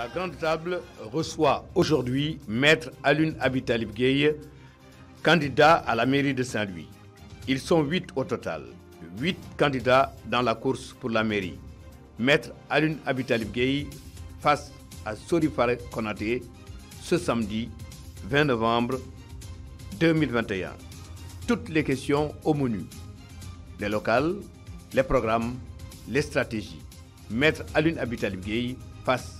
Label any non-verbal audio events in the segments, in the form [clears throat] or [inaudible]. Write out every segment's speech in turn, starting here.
La Grande Table reçoit aujourd'hui Maître Alun Abitalib Gueye, candidat à la mairie de Saint-Louis. Ils sont huit au total, huit candidats dans la course pour la mairie. Maître Alun Abitalib Gueye face à Sorifare Konate ce samedi 20 novembre 2021. Toutes les questions au menu. Les locales, les programmes, les stratégies. Maître Alun Abitalib Gueye face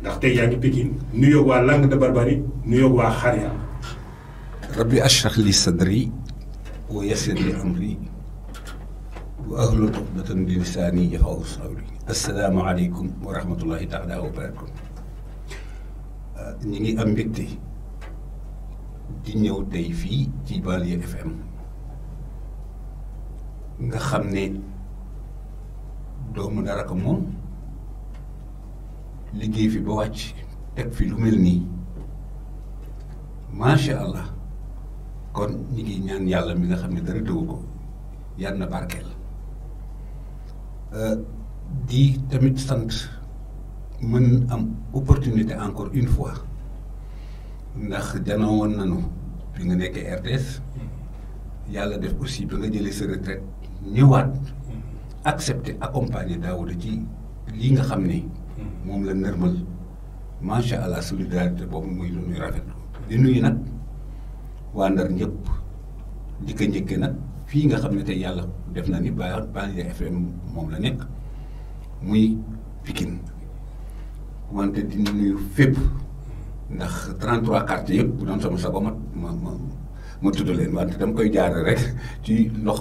ndax tey yaa ngi Pikine nuyoog waa Langue de Barbarie nuyoog waa Xarya. rabbi ashrah li sadri wa yassir li amri wa ahlul uqdatan bi lisaani yafqahu qawli assalaamu aleykum wa rahmatullahi taala wa barakatu ñu ngi am mbégte di ñëw tey fii ci Banlieue FM nga xam ne doomu dara ko moom. liggéey fi ba wàcc teg fi lu mel nii macha allah kon ñu ngi ñaan yàlla mi nga xam ne dara tëwu ko yàlla na barkeel euh, di tamit sant mën am opportunité encore une fois ndax janoo woon nañu bi nga nekkee RTS yàlla def aussi bi nga jëlee sa retraite ñëwaat mm-hmm. accepter accompagner Daouda ci lii nga xam ne moom la nërmal macha allah solidarité boobu muy lu ñuy rafet di nuyu nag waa ndar ñëpp di ko njëkkee nag fii nga xam ne tey yàlla def na ni ba Banlieue FM moom la nekk muy Pikine wante di nuyu fépp ndax 33 quartier yëpp bu doon sama sago ma ma ma ma tudd leen wante dama koy jaar rek ci ndox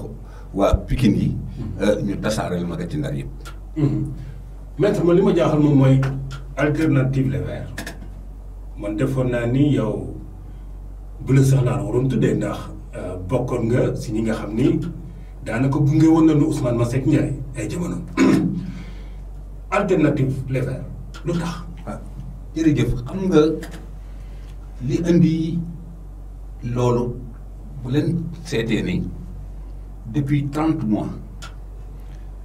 waa Pikine yi. Mm-hmm. Euh, ñu tasaareel ma ko ci ndar yëpp. Mm-hmm. maître li ma jaaxal moom alternative les verts man defoon yow bu la sax waroon tuddee euh, nga si nga ni Ousmane ay [coughs] alternative les verts lu tax. Ah, xam nga li indi loolu bu depuis 30 mois.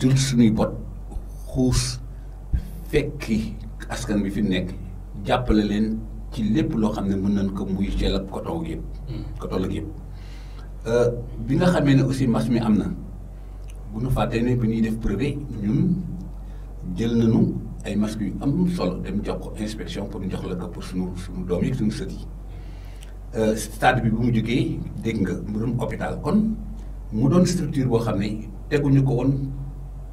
jël suñuy bot xuus fekki askan bi fi nekk jàppale leen ci lépp loo xam ne mën nañ ko muy jël ak coton yëpp. Hmm. coton ak yëpp euh, bi nga xamee ne aussi mas mi am na bu nu fàttee ne bi ñuy def brevet ñun jël nañu ay masques yu am solo dem jox ko inspection pour ñu jox la ko pour suñu suñu doom suñu sët yi euh, stade bi bu mu jógee dégg nga mu doon hôpital kon mu doon structure boo xam ne teguñu ko woon.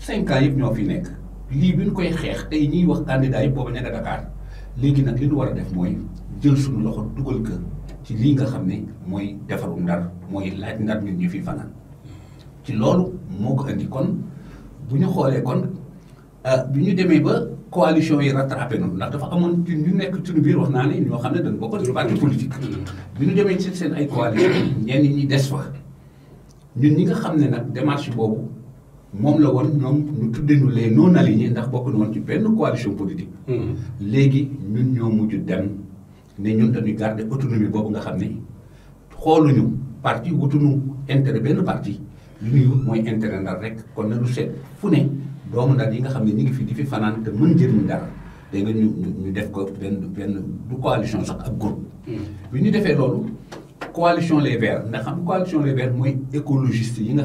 cinq ans yëpp ñoo fi nekk lii bi ñu koy xeex tey ñiy wax candidat yi boobu nekk Dakar léegi nag li ñu war a def mooy jël suñu loxo dugal kër ci lii nga xam ne mooy defaru ndar mooy laaj ndar ñun ñu fi fanaan ci loolu moo ko kon bu ñu xoolee kon ah, bi ñu demee ba coalition yi rattrapé noonu ndax dafa amoon ci ñu nekk suñu biir wax naa ne ñoo xam ne dañ bokkoon ci parti politique bi ñu demee ci seen ay coalition ñenn ñi des fa ñun ñi nga xam ne nag démarche boobu moom la woon ñoom ñu tudde ñu les non alignés ndax bokk partis Nous ci benn coalition politique. Hmm. léegi ñun ñoo mujj dem ne ñun garder autonomie boobu nga xam ne xooluñu parti wutunu intérêt parti ñuy wut rek kon na lu seet fu ne doomu yi nga xam ne fi di fi te nga ñu ñu def ko du coalition sax ak groupe. Hmm. bi ñu coalition les verts nga xam coalition les verts mooy écologiste yi nga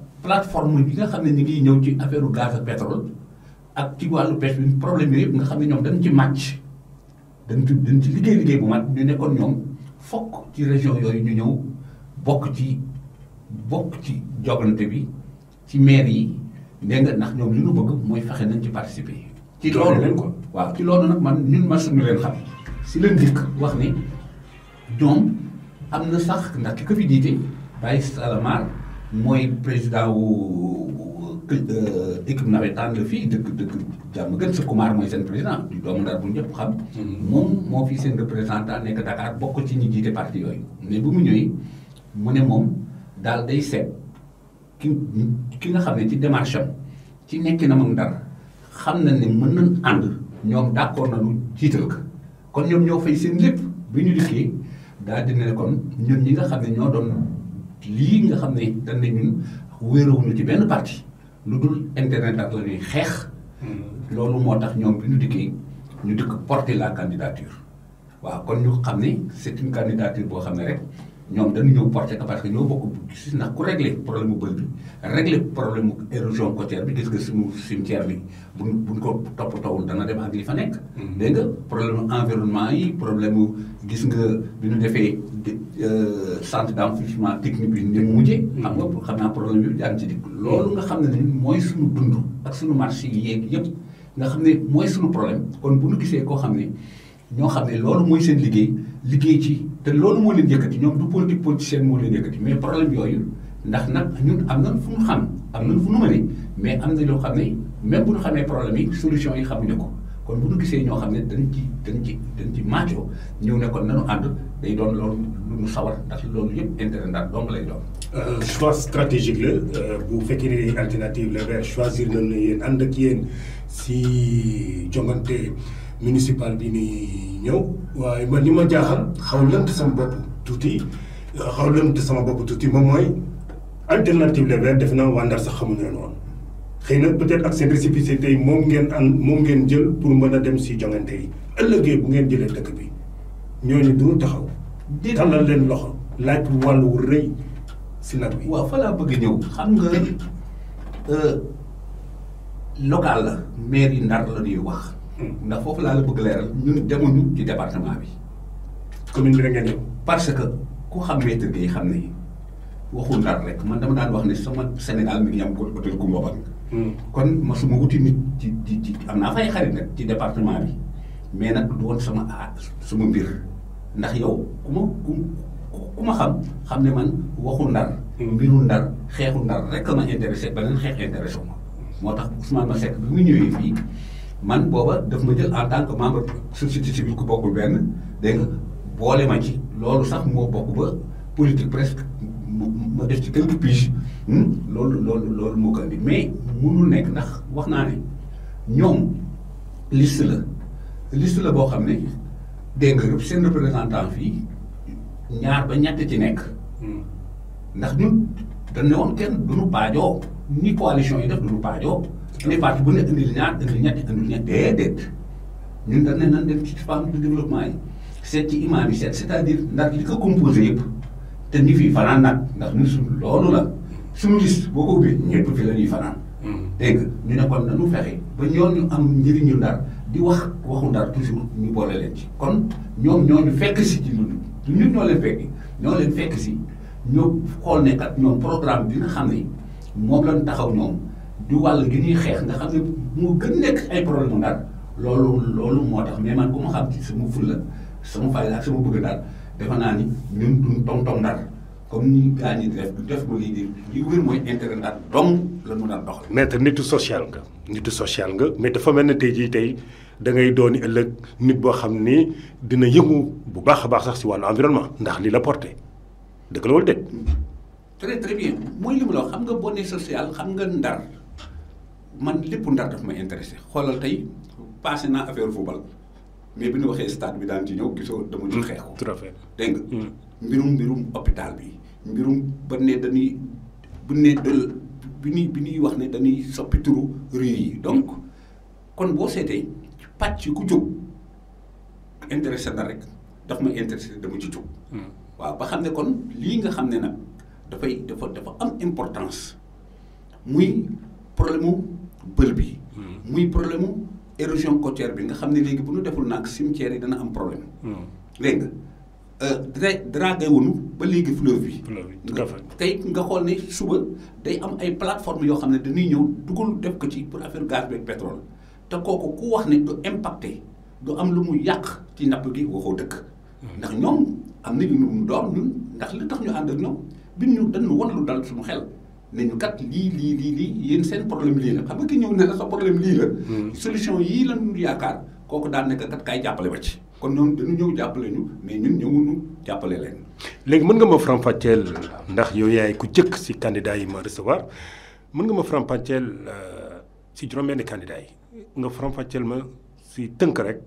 plateforme bi nga xam ne ñu ngi ñëw ci affaire gaz ak pétrole ak ci wàllu pêche bi yooyu yëpp nga xam ne ñoom dañu ci màcc dañ ci dañ ci liggéey liggéey bu mat ñu nekkoon ñoom fokk ci région yooyu ñu ñëw bokk ci bokk ci jogante bi ci maire yi nee nga ndax ñoom li ñu mooy fexe nañ ci participer. ci loolu leen ko waaw ci loolu nag man ñun ma leen xam si leen dikk wax ne ñoom am na sax ndax ki ko fi jiite bàyyi salamaar mooy président wu équipe nawetaan la fii dëkk dëkk jàmm gën sa Kumar mooy seen président du doomu Ndar bu ñëpp xam. Mhm. moom moo fi seen représentant nekk Dakar bokk ci ñi jiite parti yooyu. mais bu mu ñëwee mu ne moom daal day set ki ki nga xam ne ci démarche ci nekki na moom Ndar xam na ne mën na ànd ñoom d'accord nañu jiital ko kon ñoom ñoo fay seen lépp bi ñu liggéey daal di ne kon ñun ñi nga xam ne ñoo doon. lii nga xam ne dañ ne ñun wéeruwuñu ci benn parti lu dul internet ak la ñuy xeex. Hmm. loolu moo tax ñoom bi ñu dikkee ñu dikk porter la candidature waaw kon ñu xam ne c'est une candidature boo xam ne rek. ñoom dañu ñëw porté ko parce que ñoo bokk gis ndax ku réglé problème mu bël bi réglé problème mu érosion côtière bi gis nga suñu cimetière bi buñ buñ ko toppatoowul dana dem ak li fa nekk. Mm-hmm. dégg nga problème environnement yi problème mu gis nga bi ñu defee euh, centre d'enfouissement technique bi ni mu mujjee. Mm-hmm. xam nga xam naa problème bi daan ci dikk. loolu nga xam ne ni mooy suñu dund ak suñu marché yi yeeg yëpp nga xam ne mooy suñu problème kon bu ñu gisee koo xam ne ñoo xam loolu mooy seen liggéey liggéey ci. te loolu moo leen yëkkati ñoom du politique politicienne moo leen yëkkati mais problème yooyu ndax nag ñun am na fu ñu xam am na fu ñu mëne mais am na yoo xam ne mais bu ñu xamee problème yi solution yi xamuñu ko kon bu ñu gisee ñoo xam ne dañu ci dañ ci dañ ci maacoo ñëw ne kon nanu ànd day doon loolu lu ñu sawar ndax loolu yëpp intérêt ndax dong lay doon. Euh, choix stratégique la euh, bu fekkee ne alternative la vers choisir nañ la yéen ànd ak yéen si jongante. municipal bi ni ñew waaye man li ma jaaxal xaw lënt sama bopp tuuti xaw lënt sama bopp tuuti moom mooy alternative le vert def na waa sax xamu leen woon xëy na peut être ak seen récépissé tey moom ngeen an moom ngeen jël pour mën a dem si jongante yi ëllëgee bu ngeen jëlee dëkk bi ñooñu duñu taxaw talal leen loxo laaj wàllu rëy si nag bi waaw fa laa bëgg ñëw xam nga euh, local la yi ndar la ñuy wax ndax foofu laa la bëgg leeral ñun demuñu ci département bi. commune bi rek ngeen parce que ku xam maître gi xam ne waxu ndar rek man dama daan wax ne sama Sénégal mi ngi am ko hôtel ku mbobal hmm. kon ma suma wuti nit ci ci ci am naa fay xarit nag ci département bi mais nag du woon sama sama mbir ndax yow ku ma ku ma xam xam ne man waxu ndar. Hmm. mbiru ndar xeexu ndar rek ma intéressé beneen xeex intéressé ma. moo tax Ousmane Masseck bi mu ñëwee fii. man booba daf ma jël en tant que membre société civile ku bokkul benn dégg nga boole ma ci loolu sax moo bokk ba politique presque ma def ci quelques piges hmm? loolu loolu loolu moo ko indi mais munul nekk ndax wax naa ne ñoom liste la liste la boo xam ne dégg nga seen représentant fii ñaar ba ñett ci nekk hmm. ndax ñun dañ ne woon kenn duñu paajoo ni coalition yi def duñu paajoo les partis bu ne indil ñaar indil ñetti indil ñetti déedéet ñun dañ ne nan dem ci femme du développement yi seet ci imaam yi seet c'est-à-dire ndax li ko composé yëpp te ñu fi fanaan nag ndax ñun suñu loolu la suñu liste boo ko ubbee ñëpp fi la ñuy fanaan. Mm-hmm. dégg ñu ne kon nañu fexe ba ñoon ñu am njëriñu ndar di wax waxu ndar toujours ñu boole leen ci kon ñoom ñoo ñu fekk si ci lu du ñu ñoo leen fekki ñoo leen fekk si ñoo xool ne kat ñoom programme bi xam ne moom lañ taxaw ñoom. di wàll gi ñuy xeex nga xam ne moo gën nekk ay problème ndar loolu loolu moo tax mais man ma xam sama fulla sama fayda ak sama bëgg ndar naa ni ñun duñ tong-tong ndar comme ni gaa la mu daan doxal. nitu social nitu social nga mais dafa mel ne tey jii tey da ngay doon ëllëg nit boo xam ni dina yëngu bu baax a baax sax si wàllu environnement ndax li la porté dëgg la wala déet. très très bien mu xam nga boo nee social xam nga ndar. man lépp ndar daf ma intéressé xoolal tey passé naa affaire football mais bi ñu waxee stade bi daan ci ñëw gisoo dama ñu hmm, xeex ko. tout à fait dégg nga. Hmm. mbirum mbirum hôpital bi mbirum ba ne dañuy bu ne de bi ñuy bi ñuy wax ne dañuy soppi turu rue yi donc hmm. kon boo seetee pàcc ku jóg intéressé na rek daf ma intéressé dama ci jóg. waaw ba xam ne kon lii nga xam ne nag dafay dafa dafa am importance muy problème bël bi. Hmm. muy problème mu érosion côtière bi nga xam ne léegi bu ñu deful nag cimetière yi dana am problème. Hmm. dégg nga euh, dra dragué wuñu ba léegi fleuve bi. fleuve tey nga xool ne suba day am ay plateforme yoo xam ne dañuy ñëw dugal def ko ci pour affaire gaz bi ak pétrole te kooku ku wax ne du impacté du am lu mu yàq ci napp gi waxoo dëkk. Hmm. ndax ñoom am nañu lu mu doon ndax li tax ñu ànd ak ñoom bi ñu dañu wan lu dal suñu xel. ne kat lii lii lii lii yéen seen problème lii la xam nga ki ñëw ne la sa problème lii la. solution yii la ñu yaakaar kooku daan ne kat kay jàppale ba ci. kon ñoom dañu ñëw jàppale ñu mais ñun ñëwuñu jàppale leen. léegi mën nga ma faram-fàcceel ndax yow yaay ku jëkk si candidat yi ma recevoir mën nga ma faram-fàcceel si euh, juróom-benn candidat yi nga faram-fàcceel ma si tënk rek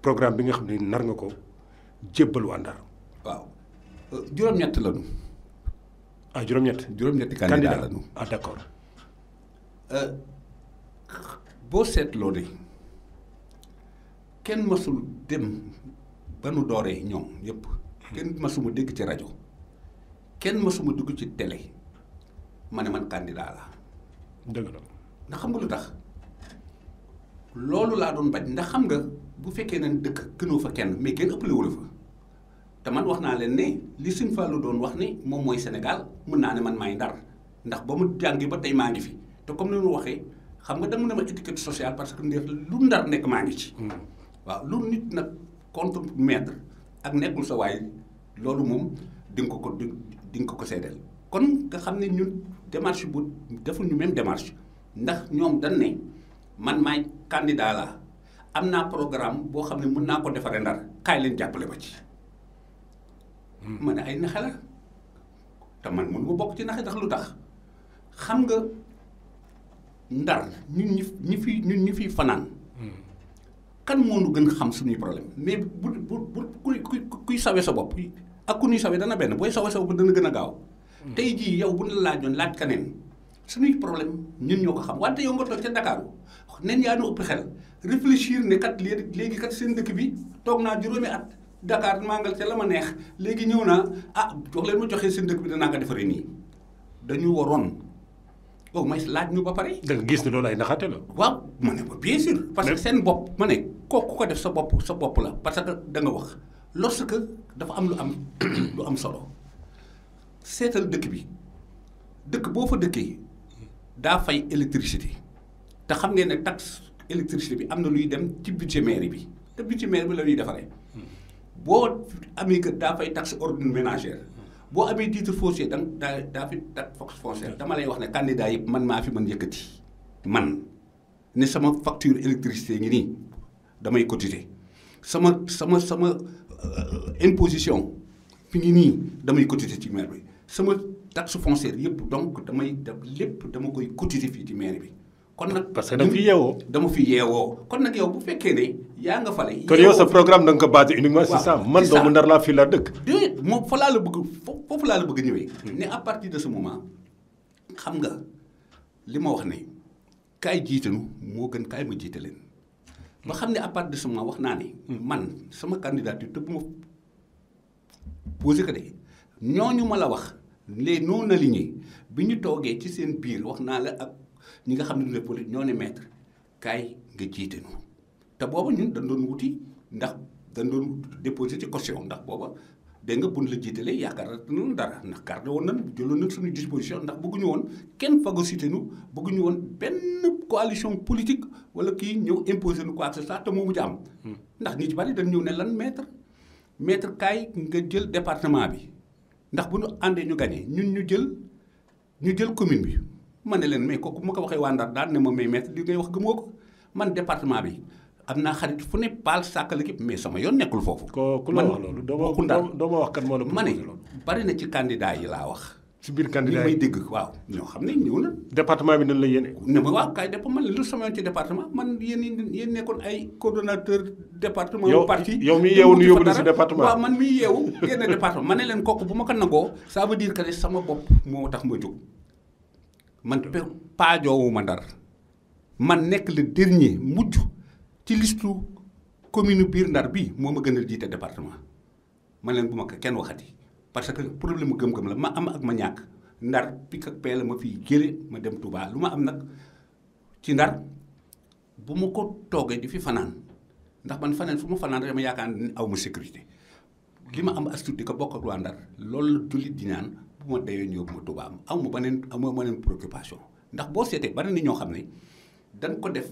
programme bi nga xam ne nar nga ko jébbal waa waaw euh, juróom-ñett la ñu. ah juróom-ñett juróom-ñetti candidat la ñu ah d'accord euh, boo seetloo de kenn masul dem ba nu dooree ñoom yépp kenn masuma dégg ci rajo kenn masuma dugg ci télé ma man candidat la ndax xam nga lu tax loolu laa doon bañ ndax xam nga bu fekkee nañ dëkk gënoo fa kenn mais kenn ëppale wu la te man wax naa leen ne li Sëñ Fallou doon wax ne moom mooy Sénégal mën naa ne man maay ndar ndax ba mu jàngi ba tey maa ngi fi te comme ni mu waxee xam nga da nga mën a étiquette parce que ndeex lu ndar nekk maa ngi ci. Hmm. waaw lu nit nag contre maître ak nekkul sa waay loolu moom di ko ko di nga ko ko seedeel kon nga xam ne ñun démarche bu deful ñu même démarche ndax ñoom dañ ne man maay candidat la am naa programme boo xam ne mun naa ko defaree ndar kaay leen jàppale ba ci. man ay naxe la man mun bok ci naxe tax lu tax xam nga ndar ñun ñi fi ñun ñi fi fanan kan mo nu gën xam suñu problème mais bu bu bu kuy kuy kuy sa bop ak ku ñuy sawe dana ben boy sawé sa bop dana gëna gaaw tay ji yow bu ñu la laajoon laaj kanen suñu problème ñun ñoko xam wante yow nga tok ci Dakar nen ya ñu upp xel réfléchir ne kat légui kat seen dëkk bi tok na juroomi at Dakar mangal ca la ma neex léegi ñëw naa ah jox leen ma joxee seen dëkk bi danaa nga defaree nii dañu waroon au moins laaj ñu ba pare. da gis ne loolu ay naxaate la. waaw ma ne ko bien sûr. parce que seen bopp ma ne kooku ko def sa bopp sa bopp la parce que da nga wax lorsque dafa am lu am [clears throat] lu am solo seetal dëkk bi dëkk boo fa dëkkee daa fay électricité te xam ngeen ne taxe électricité bi am na luy dem ci budget mairie bi te budget mairie bi la ñuy defaree. bo amé que da fay taxe ordre ménagère bo amé titre foncier dang da daa daa fi taxe foncière dama lay wax né candidat yépp man ma fi mën yëkëti man né sama facture électricité ngi ni damay cotiser sama sama sama euh, imposition fi ngi ni damay cotiser ci maire bi sama taxe foncière yépp donc damay lépp dama koy cotiser fi ci maire bi kon nag parce que da fi yeewoo dama fi yeewoo kon nag yow bu fekkee ne yaa nga fale kon yow sa programme da nga ko basé uniquement si ça man mu ndar laa fii laa dëkk déedéet moom fa laa la bëgg foofu laa la bëgg ñëwee ne à partir de ce moment xam nga li ma wax ne kaay jiitanu moo gën kaay ma jiite leen ba xam ne à partir de ce moment wax naa ne man sama candidature te bu ma posé que de ñooñu ma la wax les non alignés bi ñu toogee ci seen biir wax naa la ak ñi nga xam ne du politique ñoo ne maître kaay nga jiite ñu te booba ñun dañ doon wuti ndax dañ doon déposé ci caution ndax booba dégg nga buñ la jiitalee yaakaar nañu dara ndax gardé woon na jëloon nañ suñu disposition ndax bëgguñu woon kenn phagocyté nu bëgguñu woon benn coalition politique wala kii ñëw imposé nu ko que ce soit te moomu ci am. Hmm. ndax ñi ci bari dañ ñëw ne lan maître maître kaay nga jël département bi ndax bu nu àndee ñu gagné ñun ñu jël ñu jël commune bi. man leen mais kooku bu ma ko waxee waa Ndar daan ne ma mais maître li ngay wax gëmoo man département bi am naa xarit fu ne Paal Sàkk la mais sama yoon nekkul foofu. ku la wax loolu doo ma wax kan moo ma ne bari na ci candidat yi laa wax. biir candidat yi may dégg waaw ñoo xam ne ñëw na. département bi nan la yéene. ma waaw kay dépp man lu sama yoon ci département yow parti yow mi yeewu nu yóbbu la si département waaw man mi ne leen kooku bu ma ko nangoo ça diir dire que sama bopp moo tax ma jóg. man paajoowuma ndar man nek le dernier mujj ci liste commune bir ndar bi moma ma gënal jité département man len buma ma ko kenn waxati parce que problème gëm-gëm la ma am ak ma ñak ndar pik ak pel ma fi gëlé ma dem Touba luma am nak ci ndar buma ko togué di fi fanan ndax man fanan fu ma fanan dama yaakaar aw sécurité lima am as ko bokk ak waa ndar loolu di naan bu ma dayoo ñëw bu ma tubaab am ma beneen am ma beneen préoccupation ndax boo seetee bari ni ñoo xam ne dañ ko def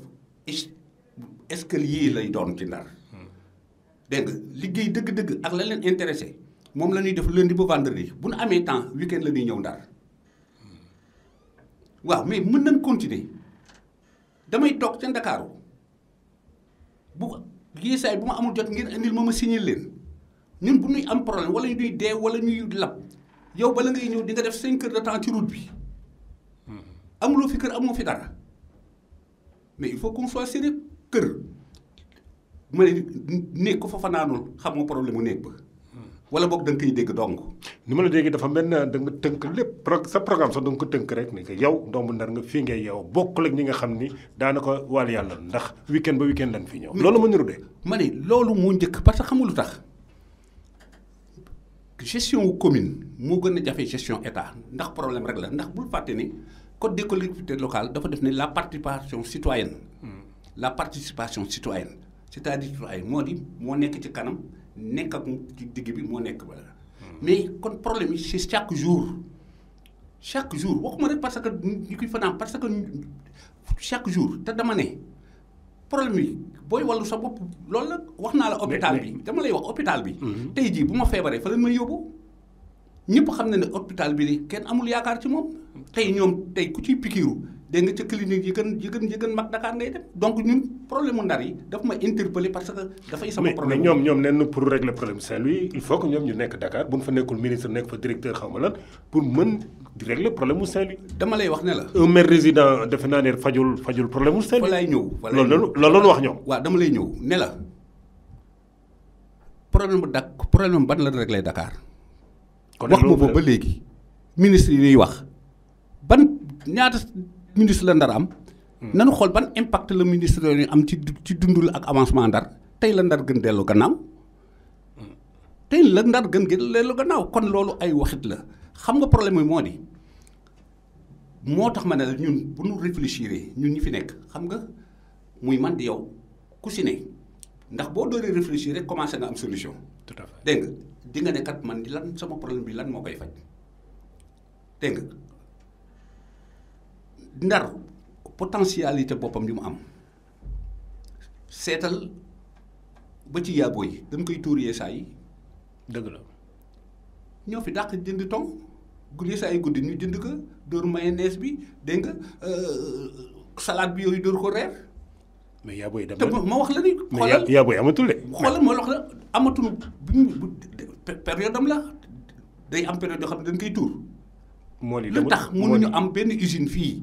escalier lay doon ci ndar. dégg nga liggéey dëgg-dëgg ak la leen intéressé moom la ñuy leen di ba vendredi bu nu amee temps weekend la ñuy ñëw ndar waaw mais mën nañ continuer damay toog ca Ndakaaru bu yéesaay bu ma amul jot ngeen indil ma si signé leen ñun bu ñuy am problème wala ñuy dee wala ñuy lab. yow bala ngay ñëw di def 5 heures de temps ci route bi amuloo fi kër amoo fi dara mais il faut qu'on soit sérieux kër ma ne néeg ko fa fanaanul xam nga problème mu néeg ba. wala boog da nga koy dégg dong. ni ma la déggee dafa mel ne da nga tënk lépp sa programme sax da ko tënk rek ne que yow doomu ndar nga fii ngay yow bokk ak ñi nga xam ni daanaka wàll yàlla ndax weekend ba weekend lañ fi ñëw. loolu ma niru de. ma loolu moo njëkk parce que xamul tax. gestion wu commune moo gën a jafe gestion état ndax problème rek la ndax bul fàtte ni code des collectivités locales dafa def ne la participation citoyenne. Hmm. la participation citoyenne c'est-à-dire citoyen moo di moo nekk ci kanam nekk ak ci digg bi moo nekk hmm. mais kon problème yi c'est chaque jour chaque jour waxuma rek parce que ñu koy fanaan parce que chaque jour te dama ne problème yi booy wàllu sa bopp loolu nag wax naa la hôpital bi dama lay wax hôpital bi mhm. tey jii bu ma feebaree fa lañ may yóbbu ñëpp xam na ne hôpital bi kenn amul yaakaar ci moom tey ñoom tey ku ci pikiiru dégg nga ca clinique yi gën yi gën yi gën mag Dakar ngay dem donc ñun problème mu ndar yi daf ma interpellé parce que dafay sama problème mais ñoom ñoom nen pour régler problème Saint-Louis il faut que ñoom ñu nekk Dakar bu ñu fa nekkul ministre nekk fa directeur xaw dama lay wax ne la un maire résident naa ne fajul fajul problème mu Saint-Louis walaay ñëw loolu loolu loolu wax ñoom waaw dama lay ñëw ne la problème bu dak problème ban la réglé Dakar wax ma boobu ba léegi ministre yi ñuy wax ban ñaata ministre la ndar am nanu xol ban impact le ministre yooyu am ci ci dundul ak avancement ndar tay la ndar gën delu gannaaw tay la ndar gën gën delu gannaaw kon lolu ay waxit la xam nga problème moy modi motax moo ma ne ñun bu ñu réfléchir ñun ñi fi nek xam nga muy man di yow ku ci ne ndax bo réfléchir rek am solution. tout à fait dégg di nga ne kat man lan sama problème bi lan mo koy fajj dégg ndar potentialité bopam ju mu am seetal ba ci yaaboo yi dañ koy tuur yeesaa yi dëgg la ñoo fi dàq jënd tong yeesaa say guddi ñu jënd ko door mayonnaise bi dégg nga euh salade bi yoy door ko reer mais yaaboo yi dama ma wax la ni xolal yaaboo yi amatul xolal xoolal ma wax la amatul période am la day am période yo xam dañ koy tour moo li tax ñu am ben usine fii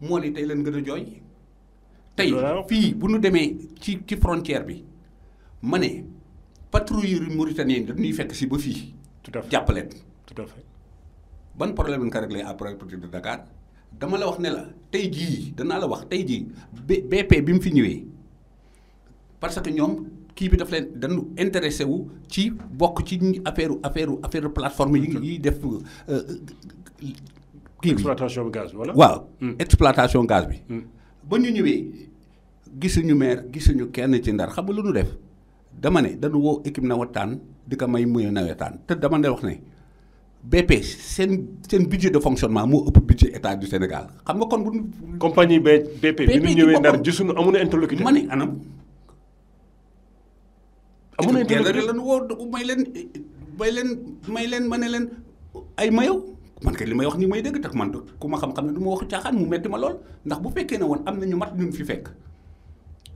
moo ni tey leen gën a jooy tey fii bu nu demee ci ci bi ma ne patrouille mauritanienne dañuy fekk si ba fii jàppaleen tout à fait ban problème lañ ko réglé après patrouille de Dakar dama la wax ne la tey jii danaa la wax tey jii BP bi mu fi ñëwee parce que ñoom kii bi daf leen dañu intéressé wu ci bokk ci affaire affaire affaire plateforme yi yi def euh, kii bi exploitation wala. waaw mm. exploitation gaz bi. Mm. ba ñu ñëwee gisuñu maire gisuñu kenn ci ndar xam nga lu ñu def dama ne dañu woo équipe nawetaan di ko may muy nawetaan te dama ne wax ne bépp seen seen budget de fonctionnement moo ëpp budget état du Sénégal xam nga kon bu ñu. compagnie BP bi ñu ñëwee ndar gisuñu amuñu interlocuteur. ma ne anam. amuñu interlocuteur la ñu woo may leen may leen may leen ma ne leen ay mayo man kay li may wax nii may dégg te man ku ma xam-xam ne du ma wax caaxaan mu metti ma lool ndax bu fekkee ne woon am na ñu mat ñu fi fekk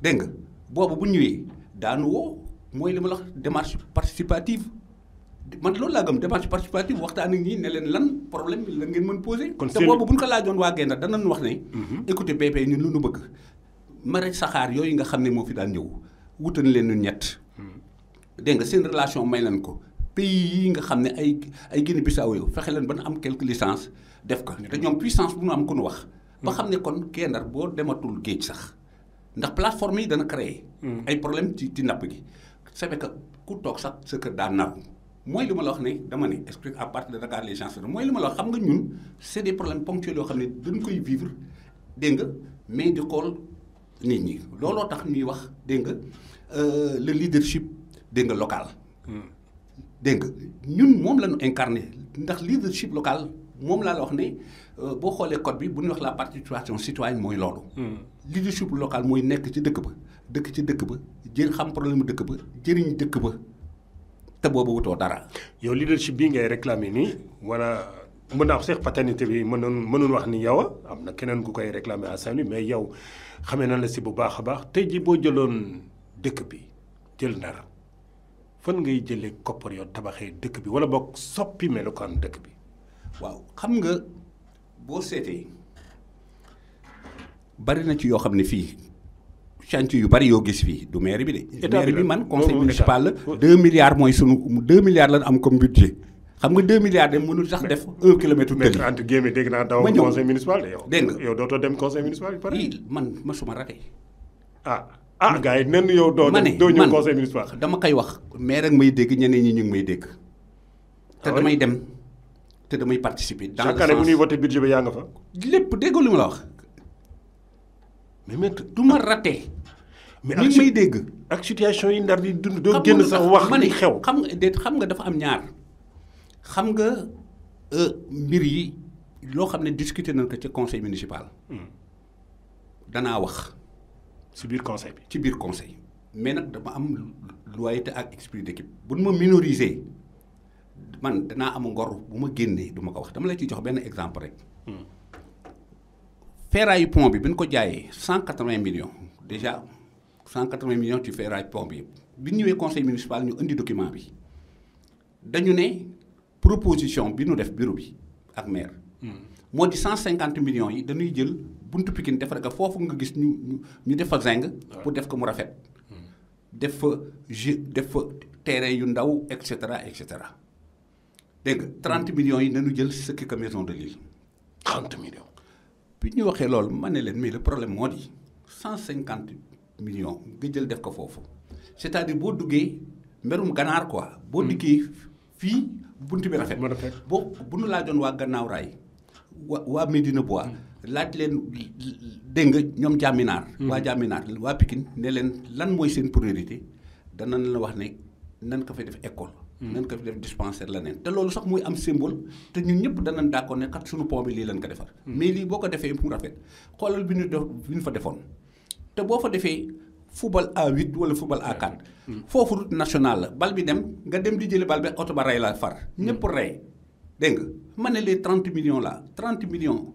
dégg nga boobu bu ñëwee daanu woo mooy li ma la wax démarche participative man loolu laa gëm démarche participative waxtaan ak ñi ne leen lan problème bi la ngeen mën posé. kon te boobu bu ñu ko laajoon waa Gendar danañ wax ne. Mhm. écoutez BP ñun lu nu bëgg. rek saxaar yooyu nga xam ne moo fi daan ñëw wutan leen ñett. Mhm. dégg nga seen relation may nañ ko. pays yi nga xam ne ay ay Guinée Bissau yow fexe leen ba am quelque licence def ko te ñoom puissance bu ñu am ku nu wax ba xam ne kon kee Ndar boo dematul géej sax ndax plateforme yi dana créer hmm. ay problème ci ci napp gi c'est vrai que ku toog sax sa kër daan napp mooy li ma la wax ne dama ne explique à partir de Dakar les gens mooy li ma la wax xam nga ñun c'est des problèmes ponctuels yoo xam ne dañ koy vivre dégg nga mais di xool nit ñi looloo tax ñuy wax dégg nga euh, le leadership dégg nga local hmm dégg ñun moom lañu ñu incarné ndax leadership local moom laa la wax ne euh, boo xoolee code bi bu ñu wax la participation citoyenne mooy loolu. Hmm. leadership local mooy nekk ci dëkk ba dëkk ci dëkk ba jëriñ xam problème dëkk ba jëriñ dëkk ba te boobu wutoo dara. yow leadership bi ngay réclamé ni wala mën naa sax paternité bi mënoon mënoon wax ni yow am na keneen ku koy réclamé à saint mais yow xamee na la si bu baax a baax tey ji boo jëloon dëkk bi jël ndar. fan ngay jëlee koppar yoo tabaxee dëkk bi wala boog soppi am dëkk bi. waaw xam nga boo seetee bari na ci yoo xam ne fii chantier yu bari yoo gis fii du maire bi de. état bi maire bi man conseil municipal la. 2 milliards mooy sunu 2 milliards lañ am comme budget xam nga 2 milliards de mënul sax def 1 kilomètre. tënk mais entre guillemets dégg naa daaw conseil municipal de yow. dégg nga yow dootoo dem conseil municipal bi pare. man ma suma raté ah. ah gars yi nen yow doo doo ñëw conseil municipal dama koy wax mais rek may dégg ñeneen ñi ñu ngi may dégg ah te damay dem te damay participer dans chaque bu ñuy voté budget bi yaa nga fa lépp déggoo li ma la wax mais maître mais ñu ngi dégg ak situation yi ndar di dund doo génn sax wax ma ne xew xam nga xam nga dafa am ñaar xam nga euh, mbir yi loo xam ne discuter na ko ci conseil municipal hmm. danaa wax ci le conseil c'est ci biir conseil mais nag dama am loyauté ak esprit d'équipe buñ ma minoriser man danaa am ngor bu ma ma ko wax dama la ci jox exemple rek. Hmm. ferraille pont bi bi ko millions déjà 180 millions ci ferraille pont bi bi ñëwee conseil municipal ñu indi document bi dañu ne proposition bi ñu def bureau bi ak maire. Hmm. moo di millions yi dañuy jël. buntu pikin defar nga foofu nga gis ñu ñu def fa zinc bu def ko mu rafet. Hmm. def fa je def fa terrain yu ndaw et cetera et cetera dégg trente 30 hmm. millions yi nañu jël si ko maison de l'île 30 millions. bi ñu waxee loolu ma ne leen mais le problème moo di cent cinquante million nga jël def ko foofu c'est-à-dire boo duggee mberum ganaar quoi. boo hmm. duggee fii buntu bi rafet. boo bu nu doon waa gannaaw raay. wa waa Médina Bois. laaj leen dégg nga ñoom jàmminaar mm-hmm. waa jàmminaar waa Pikine ne leen lan mooy seen priorité danañ la wax ne nan ko fay def école mm-hmm. nan ko fi def dispensaire la neen te loolu sax muy am symbole te ñun ñëpp danañ d'accord ne kat suñu pont bi lii lan ko defar mm-hmm. mais lii boo ko defee mu rafet xoolal bi nu def bi ñu fa defoon te boo fa defee football a 8 wala football à 4 foofu route la bal bi dem nga dem di jëli bal bi oto ba rey la far ñëpp rey dégg nga ma ne les 30 millions là 30 millions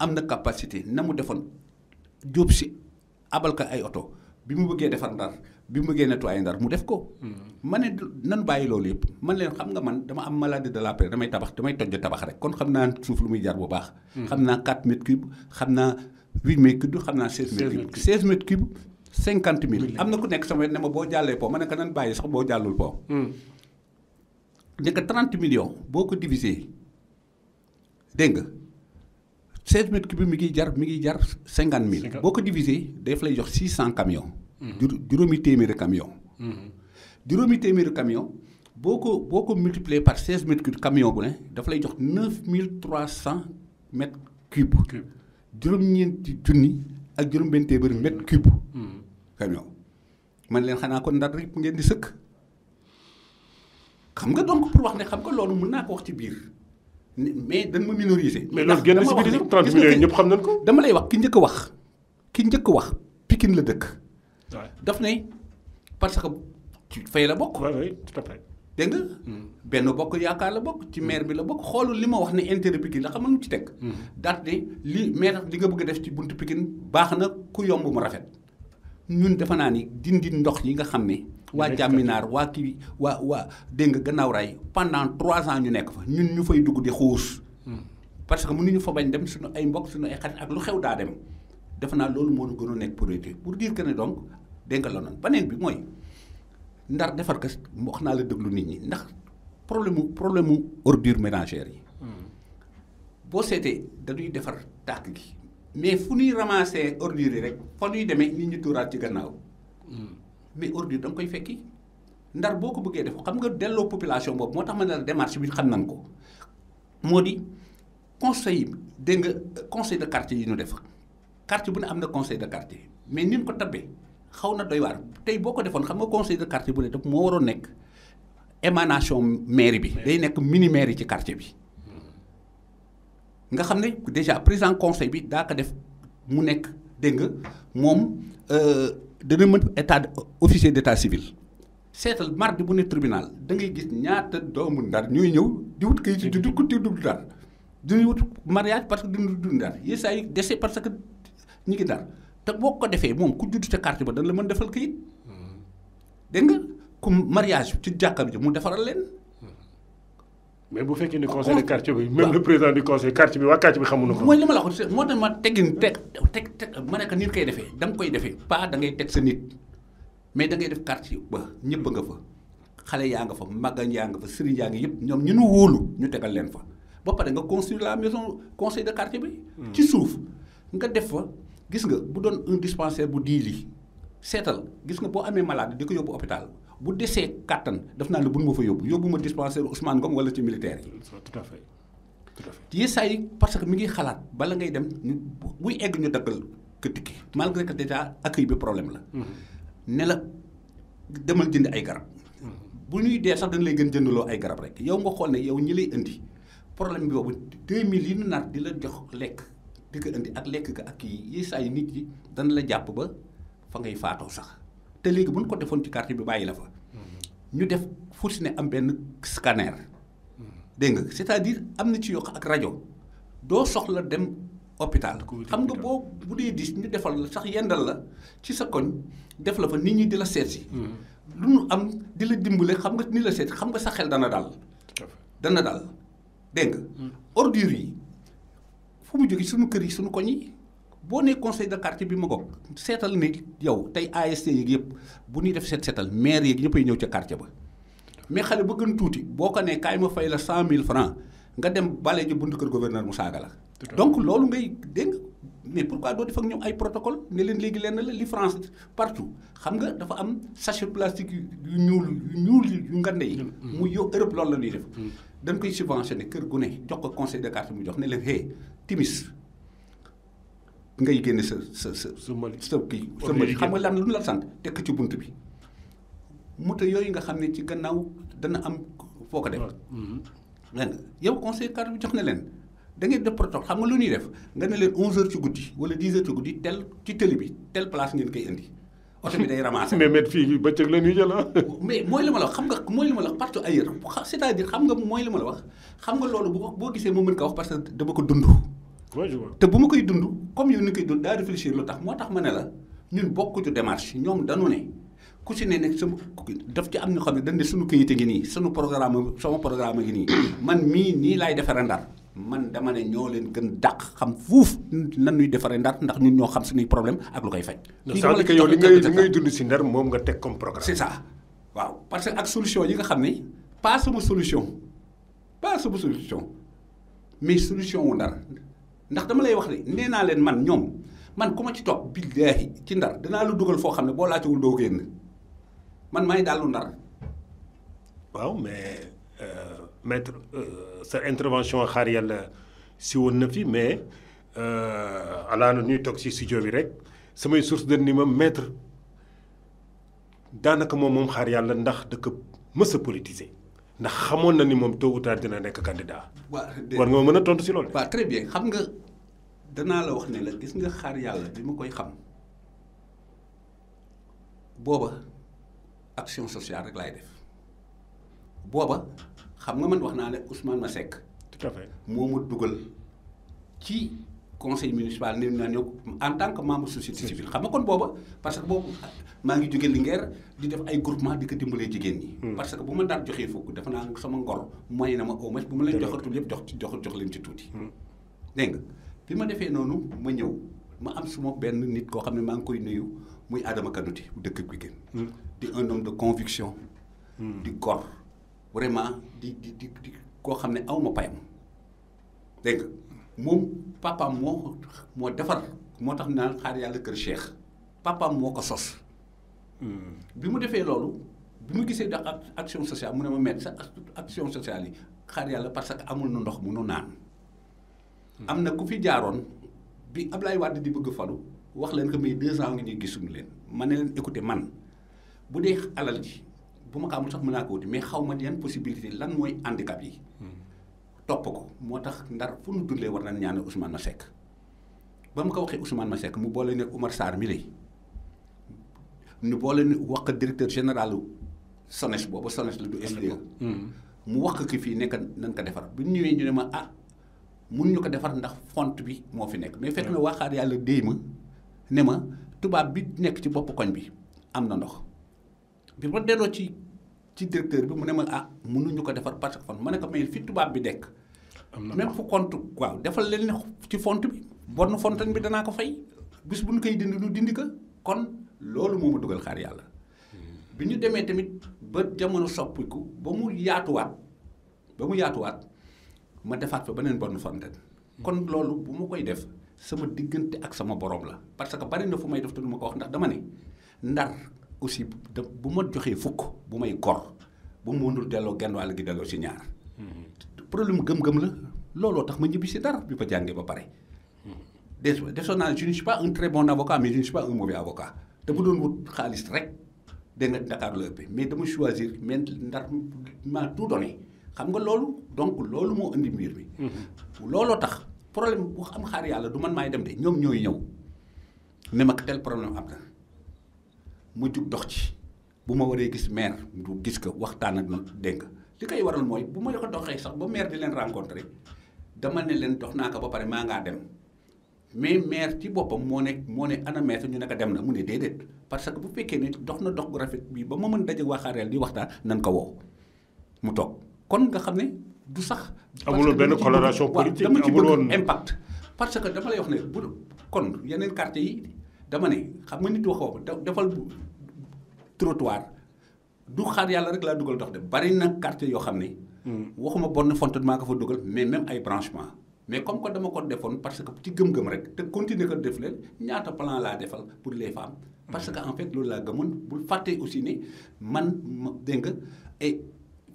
am na capacité na mu defoon jóob si abal ko ay oto bi mu bëggee defar ndar bi mu bëggee nettoyer ndar mu def ko. Hmm. ma ne nan bàyyi loolu yëpp man leen xam nga man dama am maladie de la paix damay tabax damay tojj tabax rek kon xam naa suuf lu muy jar bu baax. Hmm. xam naa 4 mètres cube xam naa 8 mètres cube xam naa 16 mètres cube 16 mètres am na ku nekk sama ne ma boo jàllee po ne ko nan bàyyi sax boo jàllul po. Hmm. nekk 30 millions boo ko divisé dégg nga 16 mètres cubes, il 50 000. Si vous divisez, il y 600 camions. Il y a 1000 camions. Il y a 1000 camions. Si vous multipliez par 16 mètres cubes de camions, il y 9300 mètres cubes. Il y a 1000 mètres hmm. cubes de camions. Je ne sais pas si vous avez des camions. Je ne sais pas si vous avez des camions. mais dañ ma minoriser. mais loolu génn si biir 30 millions ñëpp xam nañ ko. dama lay wax ki njëkk wax ki njëkk a wax pikin la dëkk. daf ne parce que ci fay la bokk. waaw tout à fait. nga. Hmm. benn bokk yaakaar la bokk ci maire bi la bokk xoolul li ma wax ne intérêt Pikine la xam nga nu ci teg. Hmm. daat ne li maire li nga bëgg a def ci bunt pikin baax na ku yomb mu rafet. ñun defe naa ni dindi ndox yi nga xam ne. waa jàmminaar waa kii waa waa dégg nga gannaaw raay pendant trois ans ñu nekk fa ñun ñu fay dugg di xuus. Hmm. parce que mënuñu fa bañ dem suñu ay mbokk suñu ay xarit ak lu xew daa dem defe naa loolu moo ñu gën a nekk pour dire que ne donc dégg nga la noonu beneen bi mooy ndar defar ko mbox naa la déglu nit ñi ndax problème mu problème mu ordures ménagères yi. Hmm. boo seetee dañuy defar tàkk gi. mais fu nuy ramasser ordures yi rek fa ñuy demee nit ñi tuuraat ci gannaaw hmm. mais ordure da nga koy fekki ndar boo ko bëggee def xam nga delloo population boobu moo tax ma ne la bi xam nañ ko moo di conseil dégg nga conseil de quartier yi ñu def quartier bu ne am na conseil de quartier mais ni ñu ko tabbee xaw na doy waar tey boo ko defoon xam nga conseil de quartier bu ne daf moo waroon nekk émanation maire bi. day nekk mini mairie ci quartier bi. nga xam ne déjà président conseil bi daa ko def mu nekk dégg nga moom euh, dana mën état officier d' état civil seetal mardi bu ne tribunal da ngay gis ñaata doomu ndar ñuy ñëw di wut kayit di dugg di dugg ndar duñuy wut mariage parce que duñu dund ndar yi saa dese parce que ñu ngi ndar te boo ko defee moom ku judd ca carte ba dana la mën defal kayit hmm. dégg nga ku mariage ci jàkkaar ji mu defaral leen mais bu fekkee le conseil de quartier même le président du conseil quartier bi quartier bi ko. ne ko nit pas da ngay sa nit mais da ngay def quartier ba ñëpp nga fa nga fa nga fa ñu maison conseil de quartier bi. Hmm. ci suuf nga def un dispensaire bu gis malade di hôpital. bu dessé katan daf na lu buñ ma fa yobbu yobbu ma dispenser Ousmane Gom wala ci militaire yi tout à fait tout à fait yi say parce que mi ngi xalat bala ngay dem bu egg ñu dagal ke tikki malgré que déjà accueil bi problème la mhm. ne la demal jënd ay garab mhm. bu ñuy dé sax dañ lay gën jëndaloo ay garab rek yow nga xol ne yow ñi lay indi problème bi bobu 2000 yi ñu naat di la jox lek di ko indi ak lek ga ak yi yi saa nit yi dañ la japp ba fa ngay faato sax té légui buñ ko defon ci quartier bi bayila fa ñu def force ne am benn scanner dégg nga c'est-à-dire am na ci yokk ak rajo doo soxla dem hôpital xam nga boo bu dee dis ñu defal la sax yendal la ci sa koñ def la fa nit ñi di la seet mm-hmm. lu nu am di la dimbale xam nga ni la seet xam nga sa xel dana daal dana daal dégg nga mm. yi fu mu jógee suñu kër yi sunu koñ yi boo nee conseil de quartier bi ma ko seetal ne yow tey ASC yeeg yëpp bu ñuy def seet seetal maire yeeg ñëppay ñëw ca quartier ba mais xale ba gën tuuti boo ko nee kaay ma fay la cent mille francs nga dem bale ji buntu kër gouverneur mu saaga la donc loolu ngay dégg nga mais pourquoi doo def ak ñoom ay protocole ne leen léegi lenn la li France partout xam nga dafa am sachet plastique yu ñuul yu ñuul yu ngande yi mm, mm. mu yow Europe loolu la ñuy def mm. dañ koy subventionné kër gu ne jox ko conseil de quartier mu jox ne leen hé timis ngay génne sa sa sa sa mali sa mali xam nga lan lu la sant tekk ci bunt bi moto yooyu nga xam ne ci gannaaw dana am foo ko def len mhm. yow conseil cadre bi jox na leen da ngeen def protocole xam nga lu ñuy def nga ne leen 11h ci guddi wala 10h ci guddi tel bi tel place ngeen koy indi oto bi day ramasser. [laughs] mais mais fii bëccëg la ah. [laughs] mooy li ma la wax xam nga mooy li ma la partout ailleurs c'est-à-dire xam nga mooy li ma la wax xam nga loolu boo boo gisee ma mën ko wax parce que ko dund. te bu ma koy dund comme yow ni koy dund daa réfléchir lu tax moo tax ma ne la ñun bokkuñu démarche ñoom dañu ne ku si ne nag sama daf ci am ñoo xam ne dañ ne suñu këyit a ngi nii suñu programme sama programme a nii man mii nii laay defaree ndar man dama ne ñoo leen gën dàq xam fuuf nan ñuy defaree ndar ndax ñun ñoo xam suñuy problème ak lu koy faj. li yow li ngay li ngay dund si ndar moom nga teg comme programme. c'est ça waaw parce que ak solution yi nga xam ne pas sama solution pas sama solution mais solution wu ndar. ndax dama lay wax ne nee naa leen man ñoom man ku ma ci toog billaahi ci ndar dinaa lu dugal foo xam ne boo laajtewul doo génn man maay daal lu ndar. waaw mais euh, maître euh, sa intervention xaar yàlla si woon na fi mais alaana euh, ñuy toog si studio bi rek samay source de ni ma maître daanaka moom moom xaar yàlla ndax dëkk mës a politiser. ndax xamoon na ni moom tôt ou tard dina nekk candidat. waaw war nga mën a tontu si loolu. waaw très bien xam nga danaa la wax ni la gis nga xaar yàlla bi ma koy xam booba action sociale rek laay def booba xam nga man wax naa ne Ousmane ma sekk à fait moo ma dugal ci. conseil municipal ni naa néew en tant que membre société civile xam nga kon bobu parce que bobu ma ngi jóge Linguère di def ay groupement di ko dimbalé jigen ni hmm. parce que buma daan joxé fukk dafa na sama ngor moy na ma au moins buma ma leen joxatul yëpp jox ci jox jox leen ci touti hmm. deng nga bi ma defee noonu ma ñëw ma am suma ben nit ko xamné ma ngi koy nuyu muy Adama bu dëkk gën hmm. di un homme de conviction di gor vraiment di di di ko xamné awma payam deng nga mom papaam moo moo defar moo tax naan xaar yàlla kër Cheikh papaam moo ko sos. Hmm. bi mu defee loolu bi mu gisee dax action sociale mu ne sa action sociale yi xaar yàlla parce que amul na ndox mu nu naan. Hmm. am na ku fi jaaroon bi Ablaye Wade di bëgg falu wax leen que may deux ans ngi ñuy gisum leen ma ne leen écouter man bu dee alal ji bu ma xamul sax mën naa ko wuti mais xaw ma yan possibilité lan mooy handicap yi. Hmm. topp ko moo tax ndar fu nu dullee war nañ ñaane Ousmane sekk ba mu ko waxee ma sekk mu boole ne Oumar saar mi lay ñu boole ne wax directeur général SONES boobu SONES la du SDE hmm. mu wax ki fii nekk nañ ko defar bu ñu ñëwee ñu ne ma ah mun ñu ko defar ndax font bi moo fi nekk mais fekk na hmm. waxaar yàlla déy ma ne ma tubaab bi nekk ci bopp koñ bi am na ndox bi ma delloo ci ci directeur bi mu ne ma ah mënuñu ko defar parce que font ma ne ko mais fi tubaab bi dekk même fu compte waaw defal leen ne ci font bi bonn fontaine bi danaa ko fay bis bu ñu koy dindi ñu dindi ko kon loolu moo ma dugal xaar yàlla hmm. bi ñu demee tamit ba jamono soppiku ba mu yaatuwaat ba mu yaatuwaat ma defaat fa beneen bonn fontaine hmm. kon loolu bu ma koy def sama diggante ak sama borom la parce que bari na fu may def te du ma ko wax ndax dama ne ndar aussi bu ma joxee fukk bu may kor bu mu mënul delloo genn wàll gi delloo si ñaar. Mhm. problème gëm-gëm la looloo tax ma ñibbi si dara bi ma jàngee ba pare. Mhm. des desoon naa je ne suis pas un très bon avocat mais je ne suis pas doon wut xaalis rek dégg nga Dakar la ëppee mais dama choisir mais ndar ma tout donné xam nga loolu donc loolu moo indi mbir mi. Mhm. looloo tax problème bu am xaar yàlla du man maay dem de ñoom ñooy ñëw ne ma tel problème am na. mu jug dox ci bu ma waree gis maire du gis ko waxtaan ak noonu dégg nga li koy waral mooy bu ma ko doxee sax ba maire di leen rencontré dama ne leen dox naa ko ba pare maa ngaa dem mais maire ci boppam moo ne moo ne ana maire ñu ne dem na mu ne déedéet parce que bu fekkee ne dox na dox gu rafet bii ba ma mën daje waxaareel di waxtaan nan ko woo mu toog kon nga xam ne du sax. amuloo benn coloration politique dama ci bëgg impact. parce que dama lay wax ne bu kon yeneen quartier yi. dama ne xam nga nit waxoo ko defal trottoir du xaar yàlla rek laa dugal dox de bari na quartier yoo xam ne. Hmm. waxuma bonne fonctionnement ko fa dugal mais même ay branchement mais comme que dama ko defoon parce que ci gëm-gëm rek te continuer ko def leen ñaata plan laa defal pour les femmes. parce que hmm. en fait loolu laa gëmoon bul fàtte aussi ne man ma dégg nga et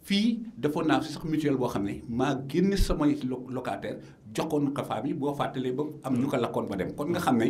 fii defoon naa sax mutuelle boo xam ne maa génn samay locataire joxoon ko femmes yi boo fàttalee ba am ñu hmm. ko lakkoon ba dem kon nga xam ne.